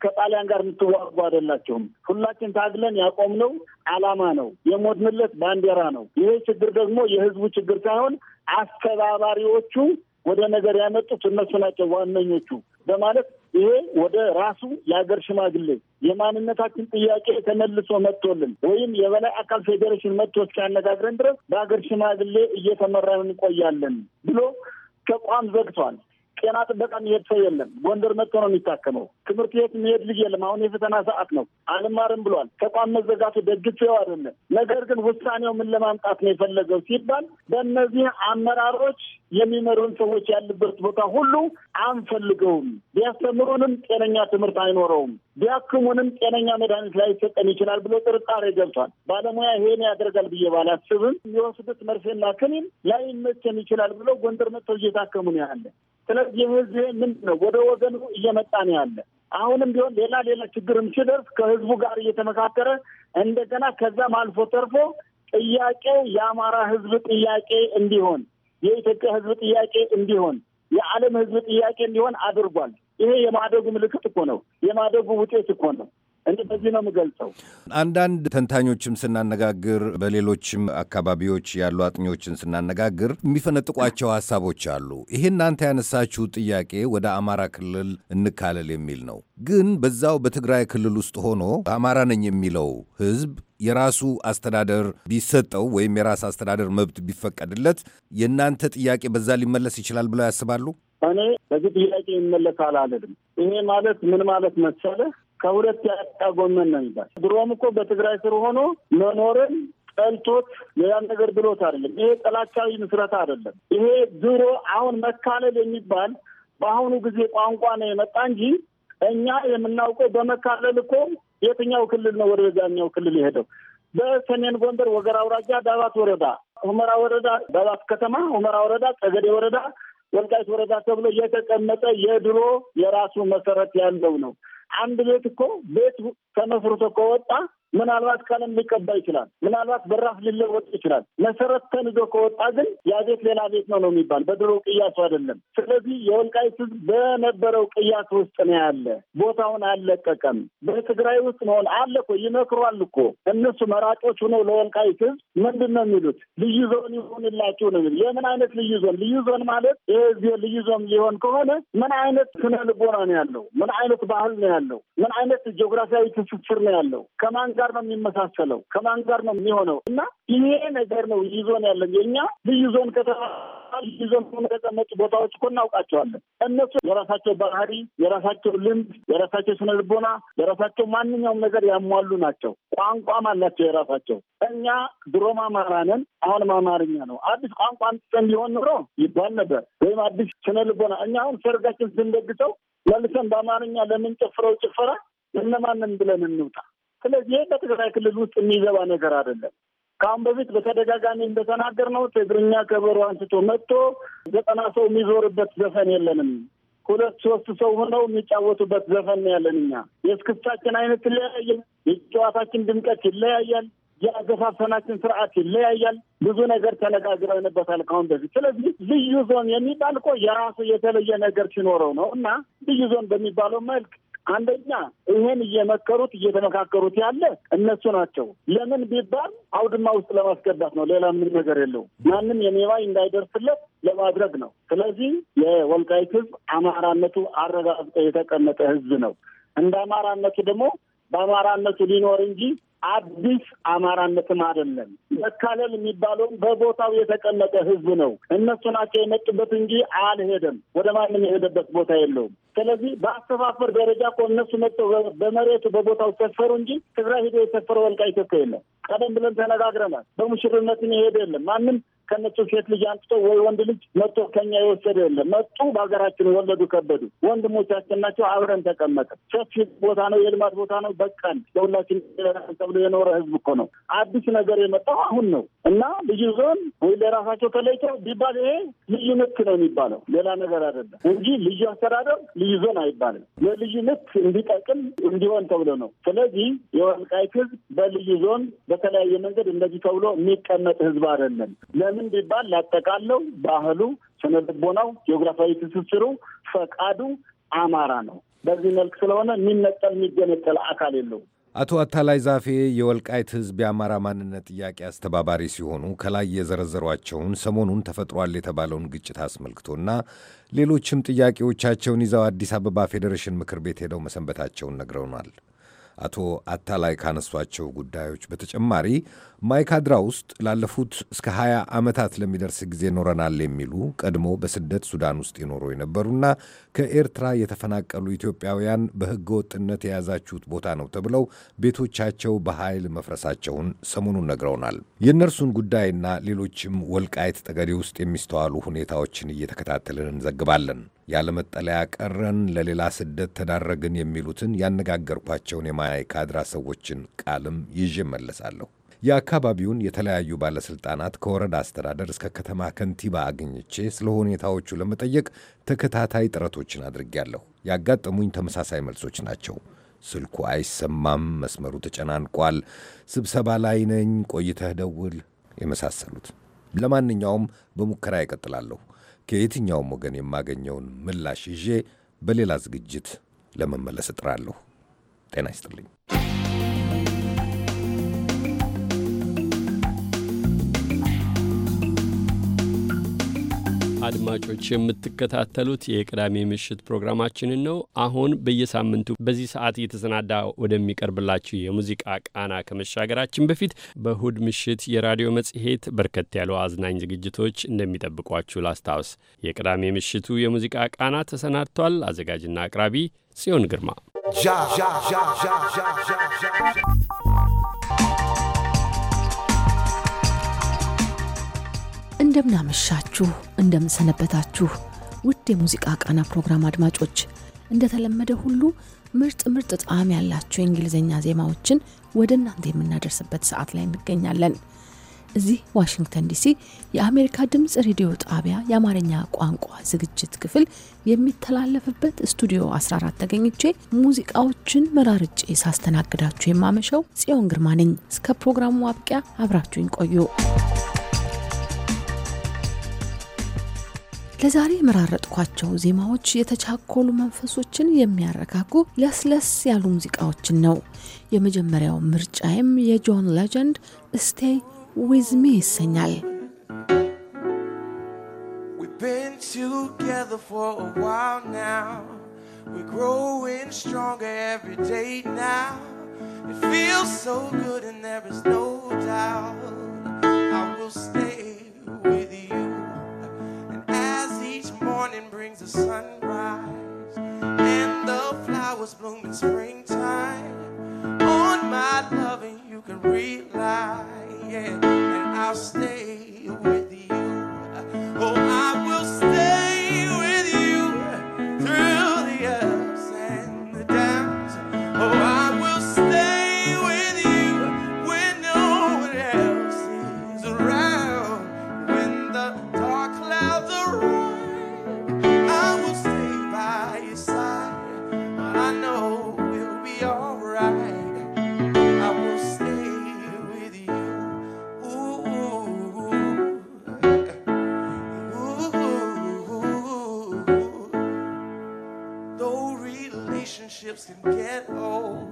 ከጣሊያን ጋር የምትዋጉ አደላቸውም ሁላችን ታግለን ያቆምነው አላማ ነው፣ የሞትንለት ባንዲራ ነው። ይሄ ችግር ደግሞ የህዝቡ ችግር ሳይሆን አስተባባሪዎቹ ወደ ነገር ያመጡት እነሱ ናቸው ዋነኞቹ። በማለት ይሄ ወደ ራሱ የሀገር ሽማግሌ የማንነታችን ጥያቄ ተመልሶ መጥቶልን ወይም የበላይ አካል ፌዴሬሽን መጥቶ እስኪያነጋግረን ድረስ በሀገር ሽማግሌ እየተመራን እንቆያለን ብሎ ተቋም ዘግቷል። ጤና ጥበቃ የሚሄድ ሰው የለም። ጎንደር መጥቶ ነው የሚታከመው። ትምህርት ቤት የሚሄድ ልጅ የለም። አሁን የፈተና ሰዓት ነው። አልማርም ብሏል። ተቋም መዘጋቱ ደግፌው አይደለም። ነገር ግን ውሳኔው ምን ለማምጣት ነው የፈለገው ሲባል በእነዚህ አመራሮች የሚመሩን ሰዎች ያሉበት ቦታ ሁሉ አንፈልገውም። ቢያስተምሩንም ጤነኛ ትምህርት አይኖረውም። ቢያክሙንም ጤነኛ መድኃኒት ላይሰጠን ይችላል ብሎ ጥርጣሬ ገብቷል። ባለሙያ ይሄን ያደርጋል ብዬ ባላስብም የወስዱት መርፌና ክኒን ላይመቸን ይችላል ብሎ ጎንደር መጥተው እየታከሙ ነው ያለ ስለዚህ ህዝብ ምንድን ነው ወደ ወገኑ እየመጣ ነው ያለ። አሁንም ቢሆን ሌላ ሌላ ችግርም ሲደርስ ከህዝቡ ጋር እየተመካከረ እንደገና ከዛም አልፎ ተርፎ ጥያቄ የአማራ ህዝብ ጥያቄ እንዲሆን የኢትዮጵያ ህዝብ ጥያቄ እንዲሆን የዓለም ህዝብ ጥያቄ እንዲሆን አድርጓል። ይሄ የማደጉ ምልክት እኮ ነው። የማደጉ ውጤት እኮ ነው። እንደዚህ ነው የምገልጸው። አንዳንድ ተንታኞችም ስናነጋግር፣ በሌሎችም አካባቢዎች ያሉ አጥኚዎችን ስናነጋግር የሚፈነጥቋቸው ሀሳቦች አሉ። ይሄ እናንተ ያነሳችሁ ጥያቄ ወደ አማራ ክልል እንካለል የሚል ነው። ግን በዛው በትግራይ ክልል ውስጥ ሆኖ አማራ ነኝ የሚለው ህዝብ የራሱ አስተዳደር ቢሰጠው ወይም የራስ አስተዳደር መብት ቢፈቀድለት የእናንተ ጥያቄ በዛ ሊመለስ ይችላል ብለው ያስባሉ? እኔ በዚህ ጥያቄ ይመለሳል አልልም። ይሄ ማለት ምን ማለት መሰለህ ከሁለት ያጣ ጎመን ነው የሚባል። ድሮም እኮ በትግራይ ስር ሆኖ መኖርን ጠልቶት ሌላም ነገር ብሎት አይደለም። ይሄ ጠላቻዊ ምስረታ አይደለም። ይሄ ድሮ አሁን መካለል የሚባል በአሁኑ ጊዜ ቋንቋ ነው የመጣ እንጂ እኛ የምናውቀው በመካለል እኮ የትኛው ክልል ነው ወደዛኛው ክልል የሄደው? በሰሜን ጎንደር ወገራ አውራጃ ዳባት ወረዳ፣ ሁመራ ወረዳ፣ ዳባት ከተማ፣ ሁመራ ወረዳ፣ ጠገዴ ወረዳ፣ ወልቃይት ወረዳ ተብሎ የተቀመጠ የድሮ የራሱ መሰረት ያለው ነው። አንድ ቤት እኮ ቤት ተመስርቶ ከወጣ ምናልባት ቀለም ሊቀባ ይችላል። ምናልባት በራፍ ሊለወጥ ይችላል። መሰረት ተንዞ ከወጣ ግን ያ ቤት ሌላ ቤት ነው ነው የሚባል በድሮ ቅያሱ አይደለም። ስለዚህ የወልቃይት ህዝብ በነበረው ቅያስ ውስጥ ነው ያለ፣ ቦታውን አልለቀቀም። በትግራይ ውስጥ መሆን አለ እኮ ይመክሯል እኮ እነሱ መራጮች ሆነው ለወልቃይት ህዝብ ምንድን ነው የሚሉት? ልዩ ዞን ይሆንላችሁ ነው የሚሉት። የምን አይነት ልዩ ዞን? ልዩ ዞን ማለት ይህ ልዩ ዞን ሊሆን ከሆነ ምን አይነት ስነ ልቦና ነው ያለው? ምን አይነት ባህል ነው ያለው? ምን አይነት ጂኦግራፊያዊ ትስስር ነው ያለው? ከማን ጋር ነው የሚመሳሰለው? ከማን ጋር ነው የሚሆነው? እና ይሄ ነገር ነው ይዞን ያለን የእኛ ልዩ ዞን ከተማ ዞን የተቀመጡ ቦታዎች እኮ እናውቃቸዋለን። እነሱ የራሳቸው ባህሪ፣ የራሳቸው ልምድ፣ የራሳቸው ስነ ልቦና፣ የራሳቸው ማንኛውም ነገር ያሟሉ ናቸው። ቋንቋም አላቸው የራሳቸው። እኛ ድሮም አማራ ነን፣ አሁንም አማርኛ ነው። አዲስ ቋንቋ አምጥተን ቢሆን ኖሮ ይባል ነበር ወይም አዲስ ስነ ልቦና። እኛ አሁን ሰርጋችን ስንደግሰው መልሰን በአማርኛ ለምንጨፍረው ጭፈራ እነማንን ብለን እንውጣ? ስለዚህ ይህ በትግራይ ክልል ውስጥ የሚገባ ነገር አይደለም። ከአሁን በፊት በተደጋጋሚ ነው ትግርኛ ከበሮ አንስቶ መጥቶ ዘጠና ሰው የሚዞርበት ዘፈን የለንም። ሁለት ሶስት ሰው ሆነው የሚጫወቱበት ዘፈን ያለን እኛ የእስክስታችን አይነት ይለያያል። የጨዋታችን ድምቀት ይለያያል። የአዘፋፈናችን ስርዓት ይለያያል። ብዙ ነገር ተነጋግረንበታል ከአሁን በፊት። ስለዚህ ልዩ ዞን የሚባል እኮ የራሱ የተለየ ነገር ሲኖረው ነው እና ልዩ ዞን በሚባለው መልክ አንደኛ ይሄን እየመከሩት እየተመካከሩት ያለ እነሱ ናቸው። ለምን ቢባል አውድማ ውስጥ ለማስገባት ነው። ሌላ ምን ነገር የለው። ማንም የሜባይ እንዳይደርስለት ለማድረግ ነው። ስለዚህ የወልቃይት ህዝብ አማራነቱ አረጋግጦ የተቀመጠ ህዝብ ነው። እንደ አማራነቱ ደግሞ በአማራነቱ ሊኖር እንጂ አዲስ አማራነትም አይደለም። መካለል የሚባለውም በቦታው የተቀመጠ ህዝብ ነው። እነሱ ናቸው የመጡበት እንጂ አልሄደም። ወደ ማንም የሄደበት ቦታ የለውም። ስለዚህ በአስተፋፈር ደረጃ እኮ እነሱ መጥተው በመሬቱ በቦታው ሰፈሩ እንጂ ትግራይ ሄዶ የሰፈረ ወልቃይት እኮ የለም። ቀደም ብለን ተነጋግረናል። በሙሽርነትም የሄደ የለም ማንም ከነሱ ሴት ልጅ አንስቶ ወይ ወንድ ልጅ መጥቶ ከኛ የወሰደ የለም። መጡ በሀገራችን የወለዱ ከበዱ ወንድሞቻችን ናቸው። አብረን ተቀመጠ። ሰፊ ቦታ ነው፣ የልማት ቦታ ነው። በቃል ለሁላችን ተብሎ የኖረ ህዝብ እኮ ነው። አዲስ ነገር የመጣው አሁን ነው እና ልዩ ዞን ወይ ለራሳቸው ተለይተው ቢባል ይሄ ልዩ ንክ ነው የሚባለው ሌላ ነገር አይደለም እንጂ ልዩ አስተዳደር ልዩ ዞን አይባልም። የልዩ ንክ እንዲጠቅም እንዲሆን ተብሎ ነው። ስለዚህ የወልቃይት ህዝብ በልዩ ዞን በተለያየ መንገድ እንደዚህ ተብሎ የሚቀመጥ ህዝብ አይደለም። ለምን ቢባል ላጠቃለው ባህሉ፣ ስነ ልቦናው፣ ጂኦግራፊያዊ ትስስሩ፣ ፈቃዱ አማራ ነው። በዚህ መልክ ስለሆነ የሚነጠል የሚገነጠል አካል የለውም። አቶ አታላይ ዛፌ የወልቃይት ሕዝብ የአማራ ማንነት ጥያቄ አስተባባሪ ሲሆኑ ከላይ የዘረዘሯቸውን ሰሞኑን ተፈጥሯል የተባለውን ግጭት አስመልክቶና ሌሎችም ጥያቄዎቻቸውን ይዘው አዲስ አበባ ፌዴሬሽን ምክር ቤት ሄደው መሰንበታቸውን ነግረውናል። አቶ አታላይ ካነሷቸው ጉዳዮች በተጨማሪ ማይካድራ ውስጥ ላለፉት እስከ 20 ዓመታት ለሚደርስ ጊዜ ኖረናል የሚሉ ቀድሞ በስደት ሱዳን ውስጥ ይኖሩ የነበሩና ከኤርትራ የተፈናቀሉ ኢትዮጵያውያን በሕገ ወጥነት የያዛችሁት ቦታ ነው ተብለው ቤቶቻቸው በኃይል መፍረሳቸውን ሰሞኑን ነግረውናል። የእነርሱን ጉዳይና ሌሎችም ወልቃይት ጠገዴ ውስጥ የሚስተዋሉ ሁኔታዎችን እየተከታተልን እንዘግባለን። ያለመጠለያ ቀረን፣ ለሌላ ስደት ተዳረግን የሚሉትን ያነጋገርኳቸውን የማይካድራ ሰዎችን ቃልም ይዤ መለሳለሁ። የአካባቢውን የተለያዩ ባለሥልጣናት ከወረዳ አስተዳደር እስከ ከተማ ከንቲባ አግኝቼ ስለ ሁኔታዎቹ ለመጠየቅ ተከታታይ ጥረቶችን አድርጌያለሁ። ያጋጠሙኝ ተመሳሳይ መልሶች ናቸው። ስልኩ አይሰማም፣ መስመሩ ተጨናንቋል፣ ስብሰባ ላይ ነኝ፣ ቆይተህ ደውል የመሳሰሉት። ለማንኛውም በሙከራ ይቀጥላለሁ። ከየትኛውም ወገን የማገኘውን ምላሽ ይዤ በሌላ ዝግጅት ለመመለስ እጥራለሁ። ጤና ይስጥልኝ። አድማጮች የምትከታተሉት የቅዳሜ ምሽት ፕሮግራማችንን ነው። አሁን በየሳምንቱ በዚህ ሰዓት እየተሰናዳ ወደሚቀርብላችሁ የሙዚቃ ቃና ከመሻገራችን በፊት በእሁድ ምሽት የራዲዮ መጽሔት በርከት ያሉ አዝናኝ ዝግጅቶች እንደሚጠብቋችሁ ላስታውስ። የቅዳሜ ምሽቱ የሙዚቃ ቃና ተሰናድቷል። አዘጋጅና አቅራቢ ጽዮን ግርማ እንደምናመሻችሁ እንደምንሰነበታችሁ ውድ የሙዚቃ ቃና ፕሮግራም አድማጮች እንደተለመደ ሁሉ ምርጥ ምርጥ ጣዕም ያላቸው የእንግሊዝኛ ዜማዎችን ወደ እናንተ የምናደርስበት ሰዓት ላይ እንገኛለን። እዚህ ዋሽንግተን ዲሲ የአሜሪካ ድምፅ ሬዲዮ ጣቢያ የአማርኛ ቋንቋ ዝግጅት ክፍል የሚተላለፍበት ስቱዲዮ 14 ተገኝቼ ሙዚቃዎችን መራርጬ ሳስተናግዳችሁ የማመሸው ጽዮን ግርማ ነኝ። እስከ ፕሮግራሙ አብቂያ አብራችሁኝ ቆዩ። ለዛሬ የመራረጥኳቸው ዜማዎች የተቻኮሉ መንፈሶችን የሚያረጋጉ ለስለስ ያሉ ሙዚቃዎችን ነው። የመጀመሪያው ምርጫይም የጆን ሌጀንድ ስቴይ ዊዝ ሚ ይሰኛል። We're growing stronger every morning brings the sunrise and the flowers bloom in springtime. On my loving, you can rely, yeah, and I'll stay with you. Oh, I relationships can get old,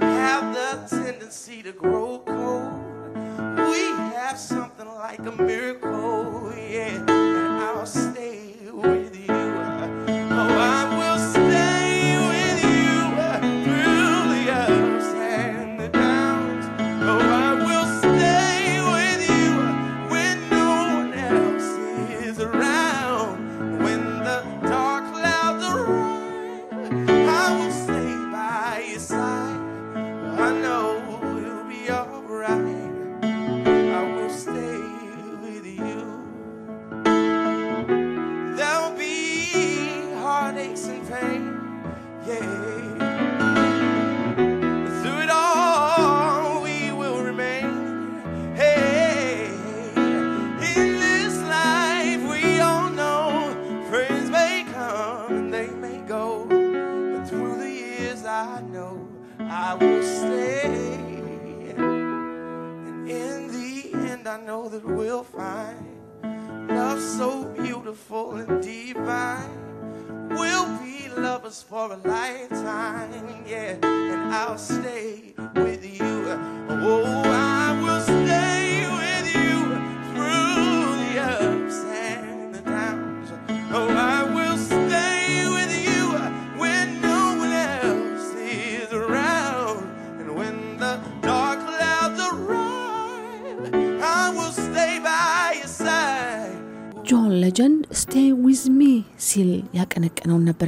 have the tendency to grow cold. We have something like a miracle, yeah.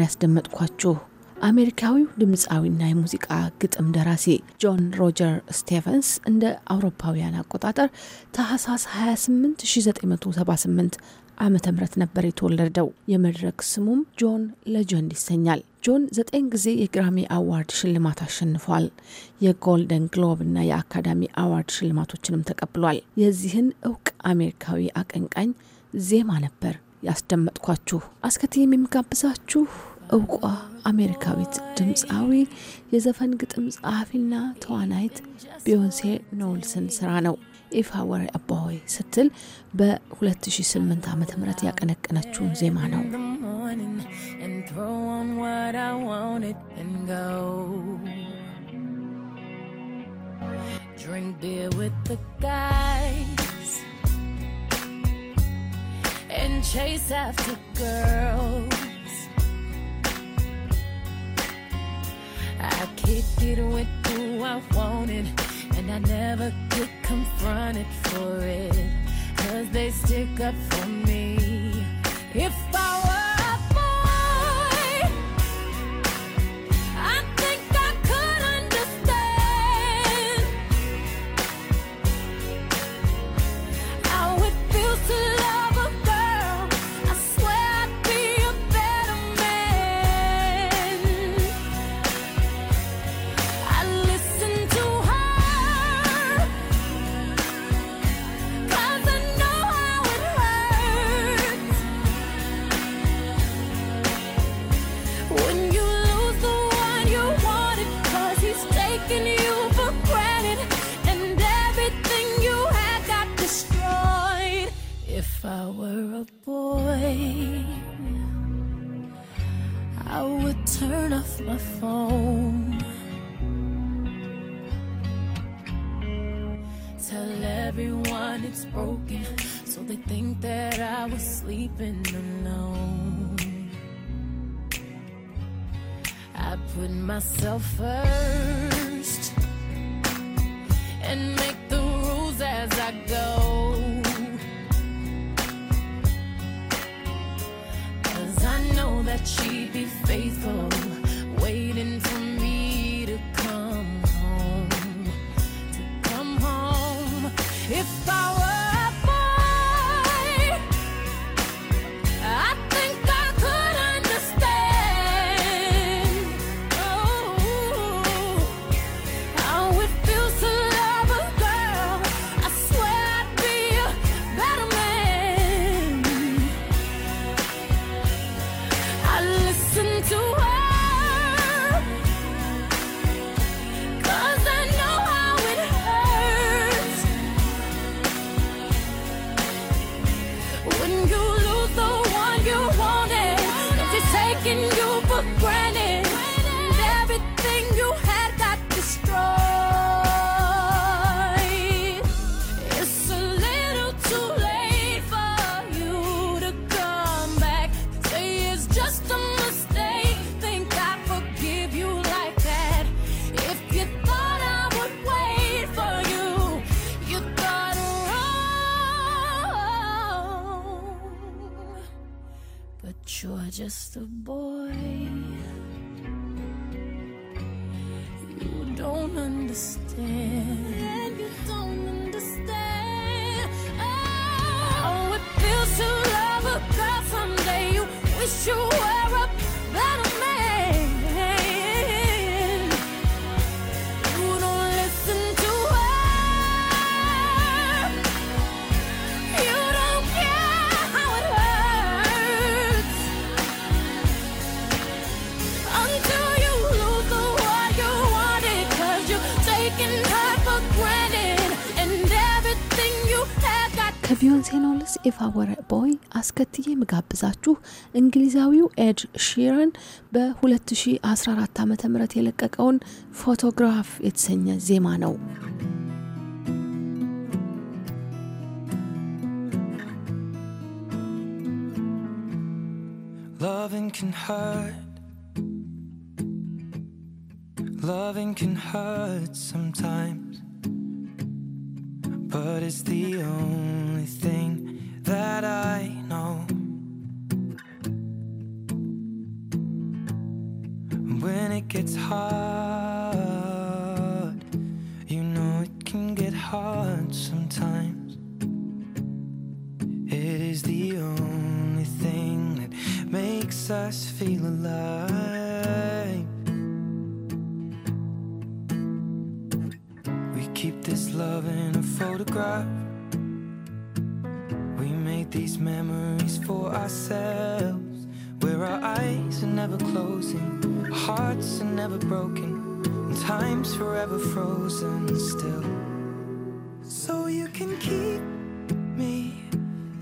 ያስደመጥኳችሁ አሜሪካዊው ድምፃዊና የሙዚቃ ግጥም ደራሲ ጆን ሮጀር ስቴቨንስ እንደ አውሮፓውያን አቆጣጠር ታህሳስ 28 1978 ዓመተ ምህረት ነበር የተወለደው። የመድረክ ስሙም ጆን ሌጀንድ ይሰኛል። ጆን ዘጠኝ ጊዜ የግራሚ አዋርድ ሽልማት አሸንፏል። የጎልደን ግሎብ እና የአካዳሚ አዋርድ ሽልማቶችንም ተቀብሏል። የዚህን እውቅ አሜሪካዊ አቀንቃኝ ዜማ ነበር ያስደመጥኳችሁ። አስከትዬ የሚጋብዛችሁ እውቋ አሜሪካዊት ድምፃዊ የዘፈን ግጥም ጸሐፊና ተዋናይት ቢዮንሴ ኖልስን ስራ ነው። ኢፋ ወሬ አባሆይ ስትል በ2008 ም ያቀነቀነችውን ዜማ ነው። Drink beer with the guys and chase after girls. I kicked it with who I wanted, and I never get confronted for it. Cause they stick up for me. If were a boy, I would turn off my phone. Tell everyone it's broken, so they think that I was sleeping alone. I put myself first and make the rules as I go. she'd be faithful, waiting for me. ሚስ ኤቫወረ ቦይ አስከትዬ ምጋብዛችሁ እንግሊዛዊው ኤድ ሺረን በ2014 ዓ ም የለቀቀውን ፎቶግራፍ የተሰኘ ዜማ ነው። Loving can hurt sometimes. But it's the only thing that I know. When it gets hard, you know it can get hard sometimes. It is the only thing that makes us feel alive. We keep this love in a photograph these memories for ourselves Where our eyes are never closing, hearts are never broken And time's forever frozen still So you can keep me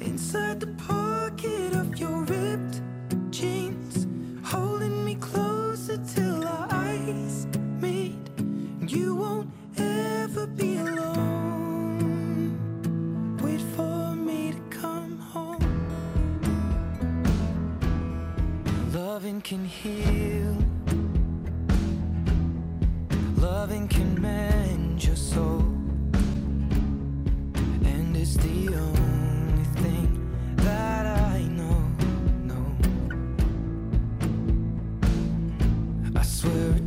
inside the pocket of your ripped jeans Holding me closer to Loving can heal. Loving can mend your soul. And it's the only thing that I know. No. I swear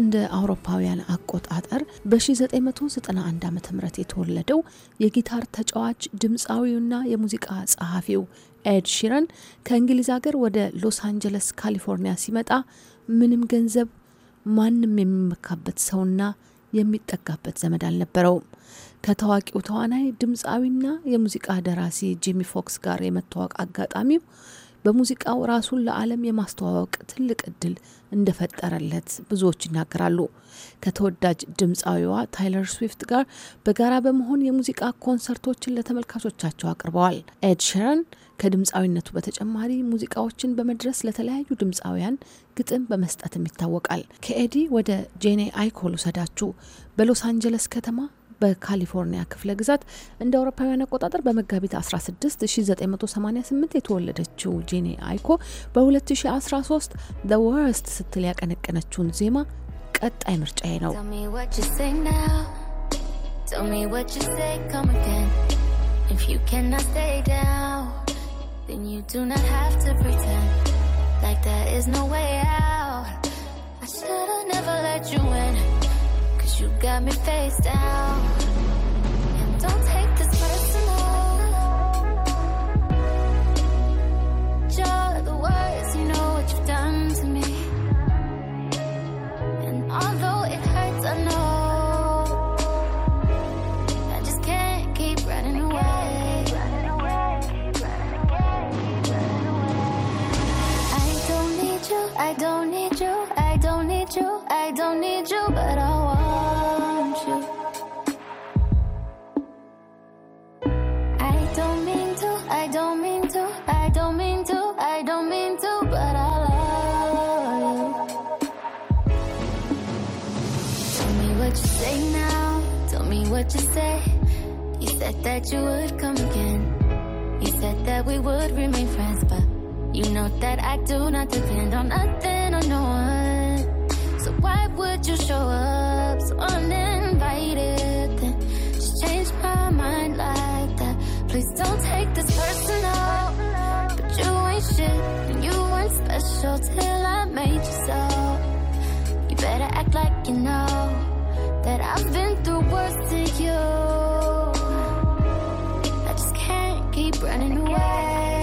እንደ አውሮፓውያን አቆጣጠር በ1991 ዓ ም የተወለደው የጊታር ተጫዋች ድምፃዊውና የሙዚቃ ጸሐፊው ኤድ ሺረን ከእንግሊዝ ሀገር ወደ ሎስ አንጀለስ ካሊፎርኒያ ሲመጣ ምንም ገንዘብ፣ ማንም የሚመካበት ሰውና የሚጠጋበት ዘመድ አልነበረውም። ከታዋቂው ተዋናይ ድምፃዊና የሙዚቃ ደራሲ ጂሚ ፎክስ ጋር የመተዋወቅ አጋጣሚው በሙዚቃው ራሱን ለዓለም የማስተዋወቅ ትልቅ እድል እንደፈጠረለት ብዙዎች ይናገራሉ። ከተወዳጅ ድምፃዊዋ ታይለር ስዊፍት ጋር በጋራ በመሆን የሙዚቃ ኮንሰርቶችን ለተመልካቾቻቸው አቅርበዋል። ኤድ ሸረን ከድምፃዊነቱ በተጨማሪ ሙዚቃዎችን በመድረስ ለተለያዩ ድምፃውያን ግጥም በመስጠትም ይታወቃል። ከኤዲ ወደ ጄኔ አይኮል ውሰዳችሁ በሎስ አንጀለስ ከተማ በካሊፎርኒያ ክፍለ ግዛት እንደ አውሮፓውያን አቆጣጠር በመጋቢት 16 1988 የተወለደችው ጄኒ አይኮ በ2013 ዘ ወርስት ስትል ያቀነቀነችውን ዜማ ቀጣይ ምርጫዬ ነው። I never let you in you got me face down And don't take this personal you the words, you know what you've done to me And although it hurts, I know I just can't keep running away. I don't need you, I don't need you, I don't need you, I don't need you. but i all depend on nothing So why would you show up so unnecessary? Don't take this personal, but you ain't shit and you weren't special till I made you so. You better act like you know that I've been through worse to you. I just can't keep running away.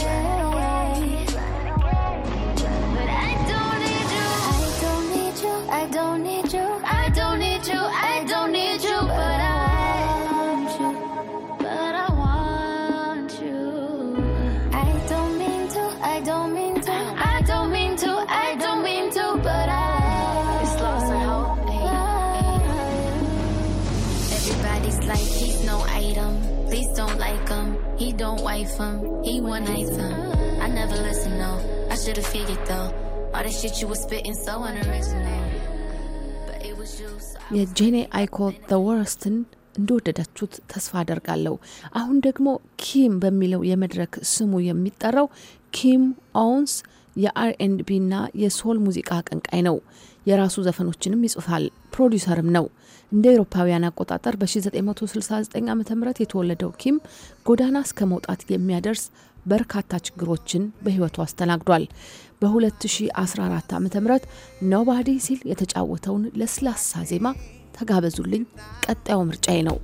don't wife him, he one night I never listen, no. I should have figured though. All that shit you was spitting so unoriginal. የጄኔ አይኮ ዘ ወርስትን እንደወደዳችሁት ተስፋ አደርጋለሁ። አሁን ደግሞ ኪም በሚለው የመድረክ ስሙ የሚጠራው ኪም ኦውንስ የአርኤንቢ እና የሶል ሙዚቃ አቀንቃይ ነው። የራሱ ዘፈኖችንም ይጽፋል፣ ፕሮዲውሰርም ነው። እንደ ኤሮፓውያን አቆጣጠር በ1969 ዓ ም የተወለደው ኪም ጎዳና እስከ መውጣት የሚያደርስ በርካታ ችግሮችን በህይወቱ አስተናግዷል። በ2014 ዓ ም ኖባዲ ሲል የተጫወተውን ለስላሳ ዜማ ተጋበዙልኝ ቀጣዩ ምርጫዬ ነው።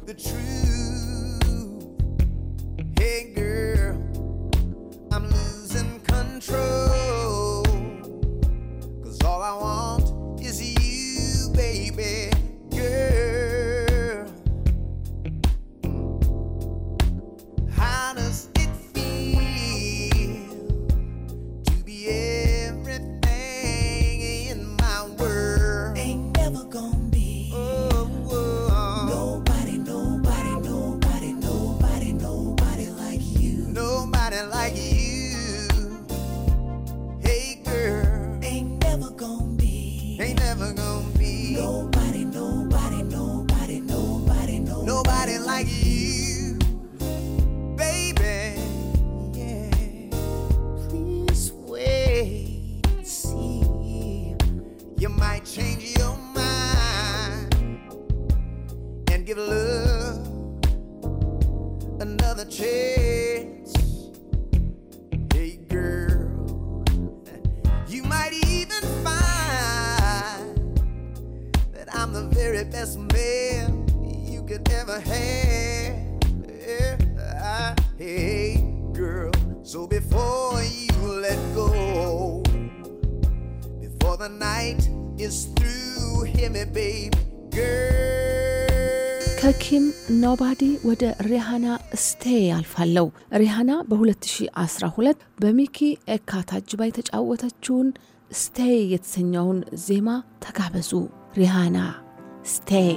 ባዲ ወደ ሪሃና ስቴ ያልፋለው። ሪሃና በ2012 በሚኪ ኤካ ታጅባ የተጫወተችውን ስቴይ የተሰኘውን ዜማ ተጋበዙ። ሪሃና ስቴይ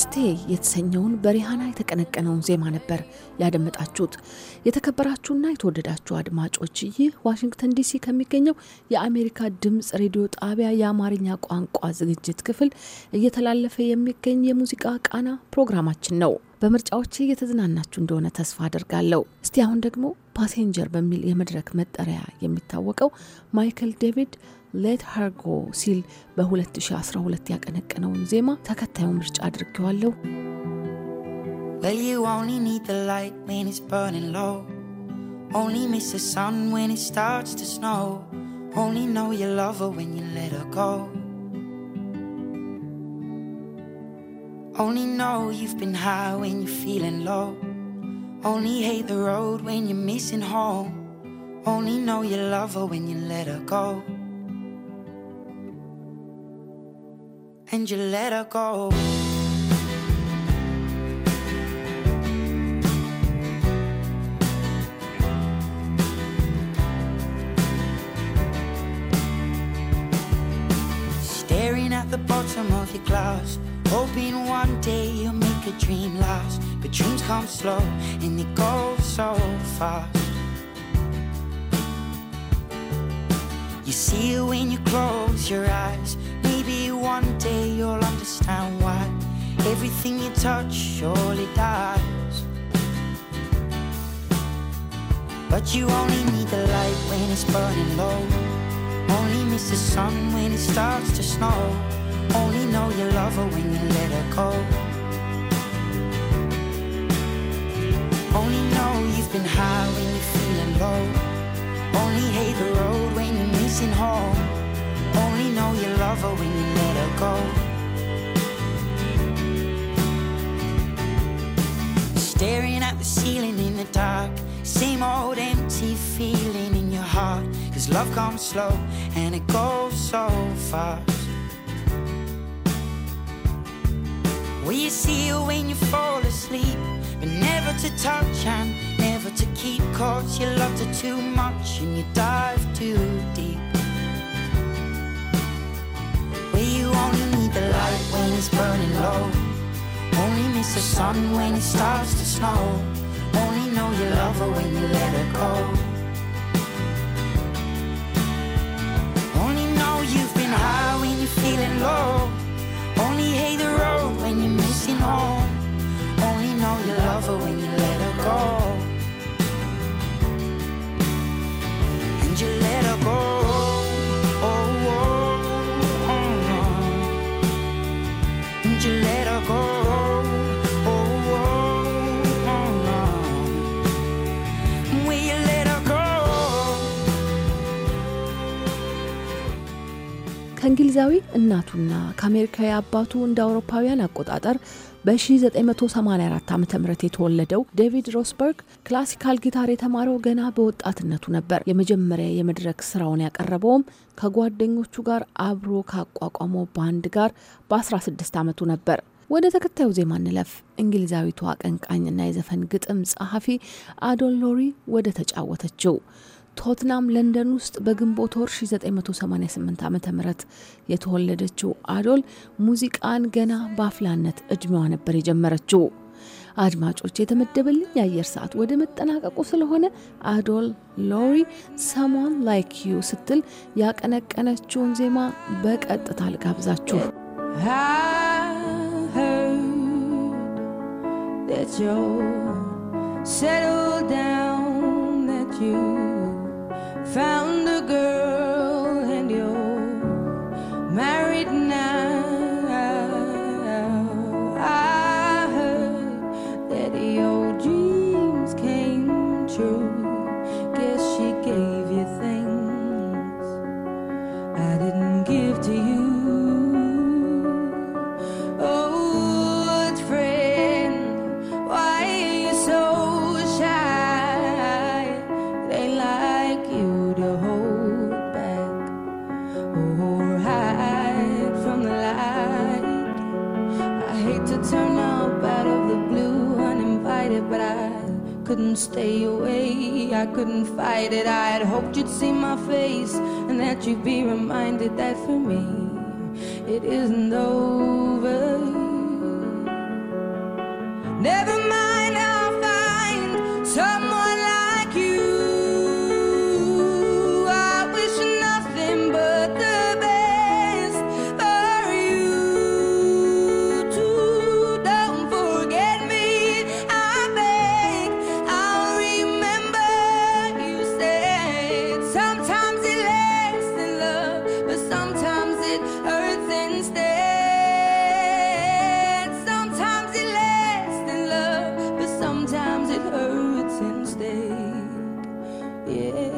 ስቴ የተሰኘውን በሪሃና የተቀነቀነውን ዜማ ነበር ያደመጣችሁት። የተከበራችሁና የተወደዳችሁ አድማጮች ይህ ዋሽንግተን ዲሲ ከሚገኘው የአሜሪካ ድምፅ ሬዲዮ ጣቢያ የአማርኛ ቋንቋ ዝግጅት ክፍል እየተላለፈ የሚገኝ የሙዚቃ ቃና ፕሮግራማችን ነው። በምርጫዎች እየተዝናናችሁ እንደሆነ ተስፋ አድርጋለሁ እስቲ አሁን ደግሞ ፓሴንጀር በሚል የመድረክ መጠሪያ የሚታወቀው ማይክል ዴቪድ ሌት ሄር ጎ ሲል በ2012 ያቀነቀነውን ዜማ ተከታዩ ምርጫ አድርጌዋለሁ። Well, you only need the light when it's burning low. Only miss the sun when it starts to snow. Only know you love her when you let her go. Only know you've been high when you're feeling low. Only hate the road when you're missing home. Only know you love her when you let her go. and you let her go. Staring at the bottom of your glass, hoping one day you'll make a dream last. But dreams come slow and they go so fast. You see it when you close your eyes. Maybe one day you'll understand why everything you touch surely dies. But you only need the light when it's burning low. Only miss the sun when it starts to snow. Only know you love her when you let her go. Only know you've been high when you're feeling low. Only hate the road when you're missing home know you love her when you let her go. Staring at the ceiling in the dark, same old empty feeling in your heart. Cause love comes slow and it goes so fast. Will you see her when you fall asleep? But never to touch and never to keep. Cause you loved her too much and you dive too deep. the light when it's burning low. Only miss the sun when it starts to snow. Only know you love her when you let her go. Only know you've been high when you're feeling low. Only hate the road when you're missing home. Only know you love her when you let her go. And you let her go. ከእንግሊዛዊ እናቱና ከአሜሪካዊ አባቱ እንደ አውሮፓውያን አቆጣጠር በ1984 ዓ ም የተወለደው ዴቪድ ሮስበርግ ክላሲካል ጊታር የተማረው ገና በወጣትነቱ ነበር። የመጀመሪያ የመድረክ ስራውን ያቀረበውም ከጓደኞቹ ጋር አብሮ ካቋቋመው ባንድ ጋር በ16 ዓመቱ ነበር። ወደ ተከታዩ ዜማ እንለፍ። እንግሊዛዊቱ አቀንቃኝና የዘፈን ግጥም ጸሐፊ አዶል ሎሪ ወደ ተጫወተችው ቶትናም ለንደን ውስጥ በግንቦት ወር 1988 ዓ ም የተወለደችው አዶል ሙዚቃን ገና በአፍላነት እድሜዋ ነበር የጀመረችው። አድማጮች፣ የተመደበልኝ የአየር ሰዓት ወደ መጠናቀቁ ስለሆነ አዶል ሎሪ ሰሞን ላይክ ዩ ስትል ያቀነቀነችውን ዜማ በቀጥታ ልጋብዛችሁ። That you settle down, that you found stay away. I couldn't fight it. I had hoped you'd see my face and that you'd be reminded that for me it isn't over. Never mind. yeah.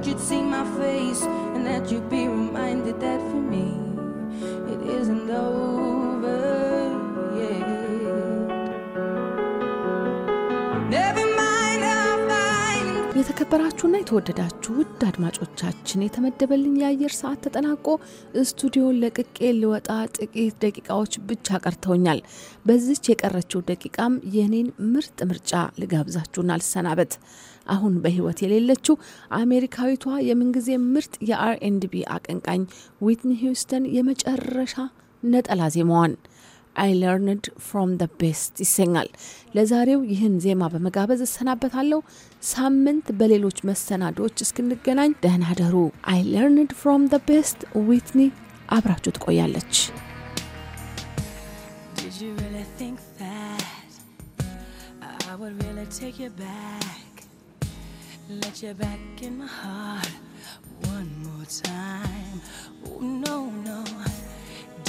that you'd see my face and that you'd be reminded that for me it isn't over yet. Never mind, I'll find. ውድ አድማጮቻችን የተመደበልኝ የአየር ሰዓት ተጠናቆ ስቱዲዮን ለቅቄ ልወጣ ጥቂት ደቂቃዎች ብቻ ቀርተውኛል። በዚች የቀረችው ደቂቃም የኔን ምርጥ ምርጫ ልጋብዛችሁና ልሰናበት። አሁን በህይወት የሌለችው አሜሪካዊቷ የምንጊዜ ምርጥ የአርኤንድቢ አቀንቃኝ ዊትኒ ሂውስተን የመጨረሻ ነጠላ ዜማዋን አይ ለርንድ ፍሮም ደ ቤስት ይሰኛል። ለዛሬው ይህን ዜማ በመጋበዝ እሰናበታለሁ። ሳምንት በሌሎች መሰናዶዎች እስክንገናኝ ደህና ደሩ። አይ ለርንድ ፍሮም ደ ቤስት ዊትኒ አብራችሁ ትቆያለች።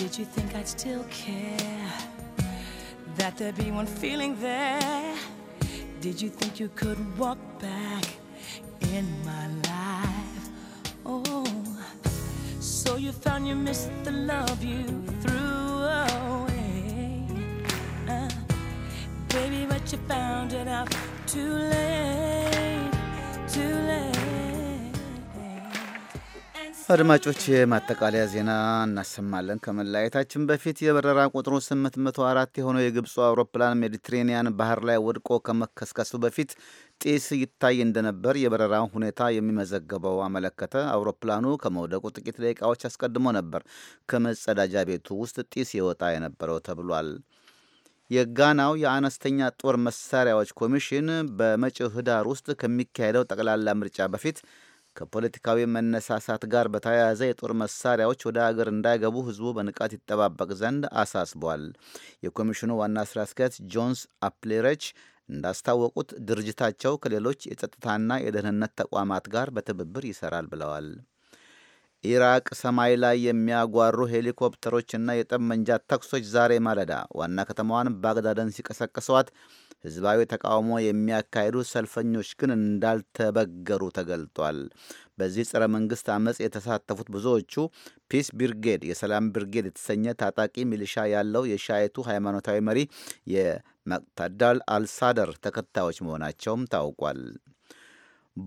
Did you think I'd still care? That there'd be one feeling there? Did you think you could walk back in my life? Oh, so you found you missed the love you threw away. Uh, baby, but you found it out too late, too late. አድማጮች የማጠቃለያ ዜና እናሰማለን። ከመለያየታችን በፊት የበረራ ቁጥሩ 804 የሆነው የግብፁ አውሮፕላን ሜዲትሬኒያን ባህር ላይ ወድቆ ከመከስከሱ በፊት ጢስ ይታይ እንደነበር የበረራ ሁኔታ የሚመዘገበው አመለከተ። አውሮፕላኑ ከመውደቁ ጥቂት ደቂቃዎች አስቀድሞ ነበር ከመጸዳጃ ቤቱ ውስጥ ጢስ የወጣ የነበረው ተብሏል። የጋናው የአነስተኛ ጦር መሳሪያዎች ኮሚሽን በመጪው ህዳር ውስጥ ከሚካሄደው ጠቅላላ ምርጫ በፊት ከፖለቲካዊ መነሳሳት ጋር በተያያዘ የጦር መሳሪያዎች ወደ አገር እንዳይገቡ ህዝቡ በንቃት ይጠባበቅ ዘንድ አሳስቧል። የኮሚሽኑ ዋና ስራ አስኪያጅ ጆንስ አፕሌረች እንዳስታወቁት ድርጅታቸው ከሌሎች የጸጥታና የደህንነት ተቋማት ጋር በትብብር ይሰራል ብለዋል። ኢራቅ ሰማይ ላይ የሚያጓሩ ሄሊኮፕተሮችና የጠመንጃ ተኩሶች ዛሬ ማለዳ ዋና ከተማዋን ባግዳድን ሲቀሰቅሰዋት ህዝባዊ ተቃውሞ የሚያካሂዱ ሰልፈኞች ግን እንዳልተበገሩ ተገልጧል። በዚህ ጸረ መንግስት አመፅ የተሳተፉት ብዙዎቹ ፒስ ብርጌድ፣ የሰላም ብርጌድ የተሰኘ ታጣቂ ሚሊሻ ያለው የሻይቱ ሃይማኖታዊ መሪ የመቅታዳል አልሳደር ተከታዮች መሆናቸውም ታውቋል።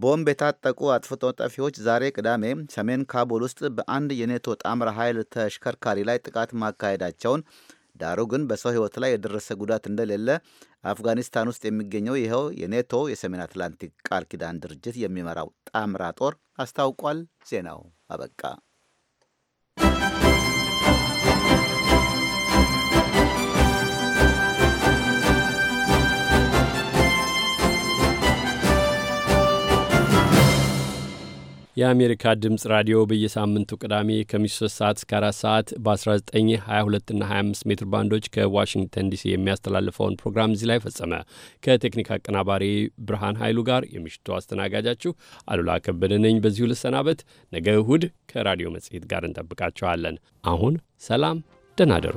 ቦምብ የታጠቁ አጥፍቶ ጠፊዎች ዛሬ ቅዳሜ ሰሜን ካቡል ውስጥ በአንድ የኔቶ ጣምራ ኃይል ተሽከርካሪ ላይ ጥቃት ማካሄዳቸውን ዳሩ ግን በሰው ሕይወት ላይ የደረሰ ጉዳት እንደሌለ አፍጋኒስታን ውስጥ የሚገኘው ይኸው የኔቶ የሰሜን አትላንቲክ ቃል ኪዳን ድርጅት የሚመራው ጣምራ ጦር አስታውቋል። ዜናው አበቃ። የአሜሪካ ድምፅ ራዲዮ በየሳምንቱ ቅዳሜ ከምሽቱ 3 ሰዓት እስከ 4 ሰዓት በ1922 እና 25 ሜትር ባንዶች ከዋሽንግተን ዲሲ የሚያስተላልፈውን ፕሮግራም እዚህ ላይ ፈጸመ። ከቴክኒክ አቀናባሪ ብርሃን ኃይሉ ጋር የምሽቱ አስተናጋጃችሁ አሉላ ከበደ ነኝ። በዚሁ ልሰናበት። ነገ እሁድ ከራዲዮ መጽሔት ጋር እንጠብቃችኋለን። አሁን ሰላም፣ ደህና እደሩ።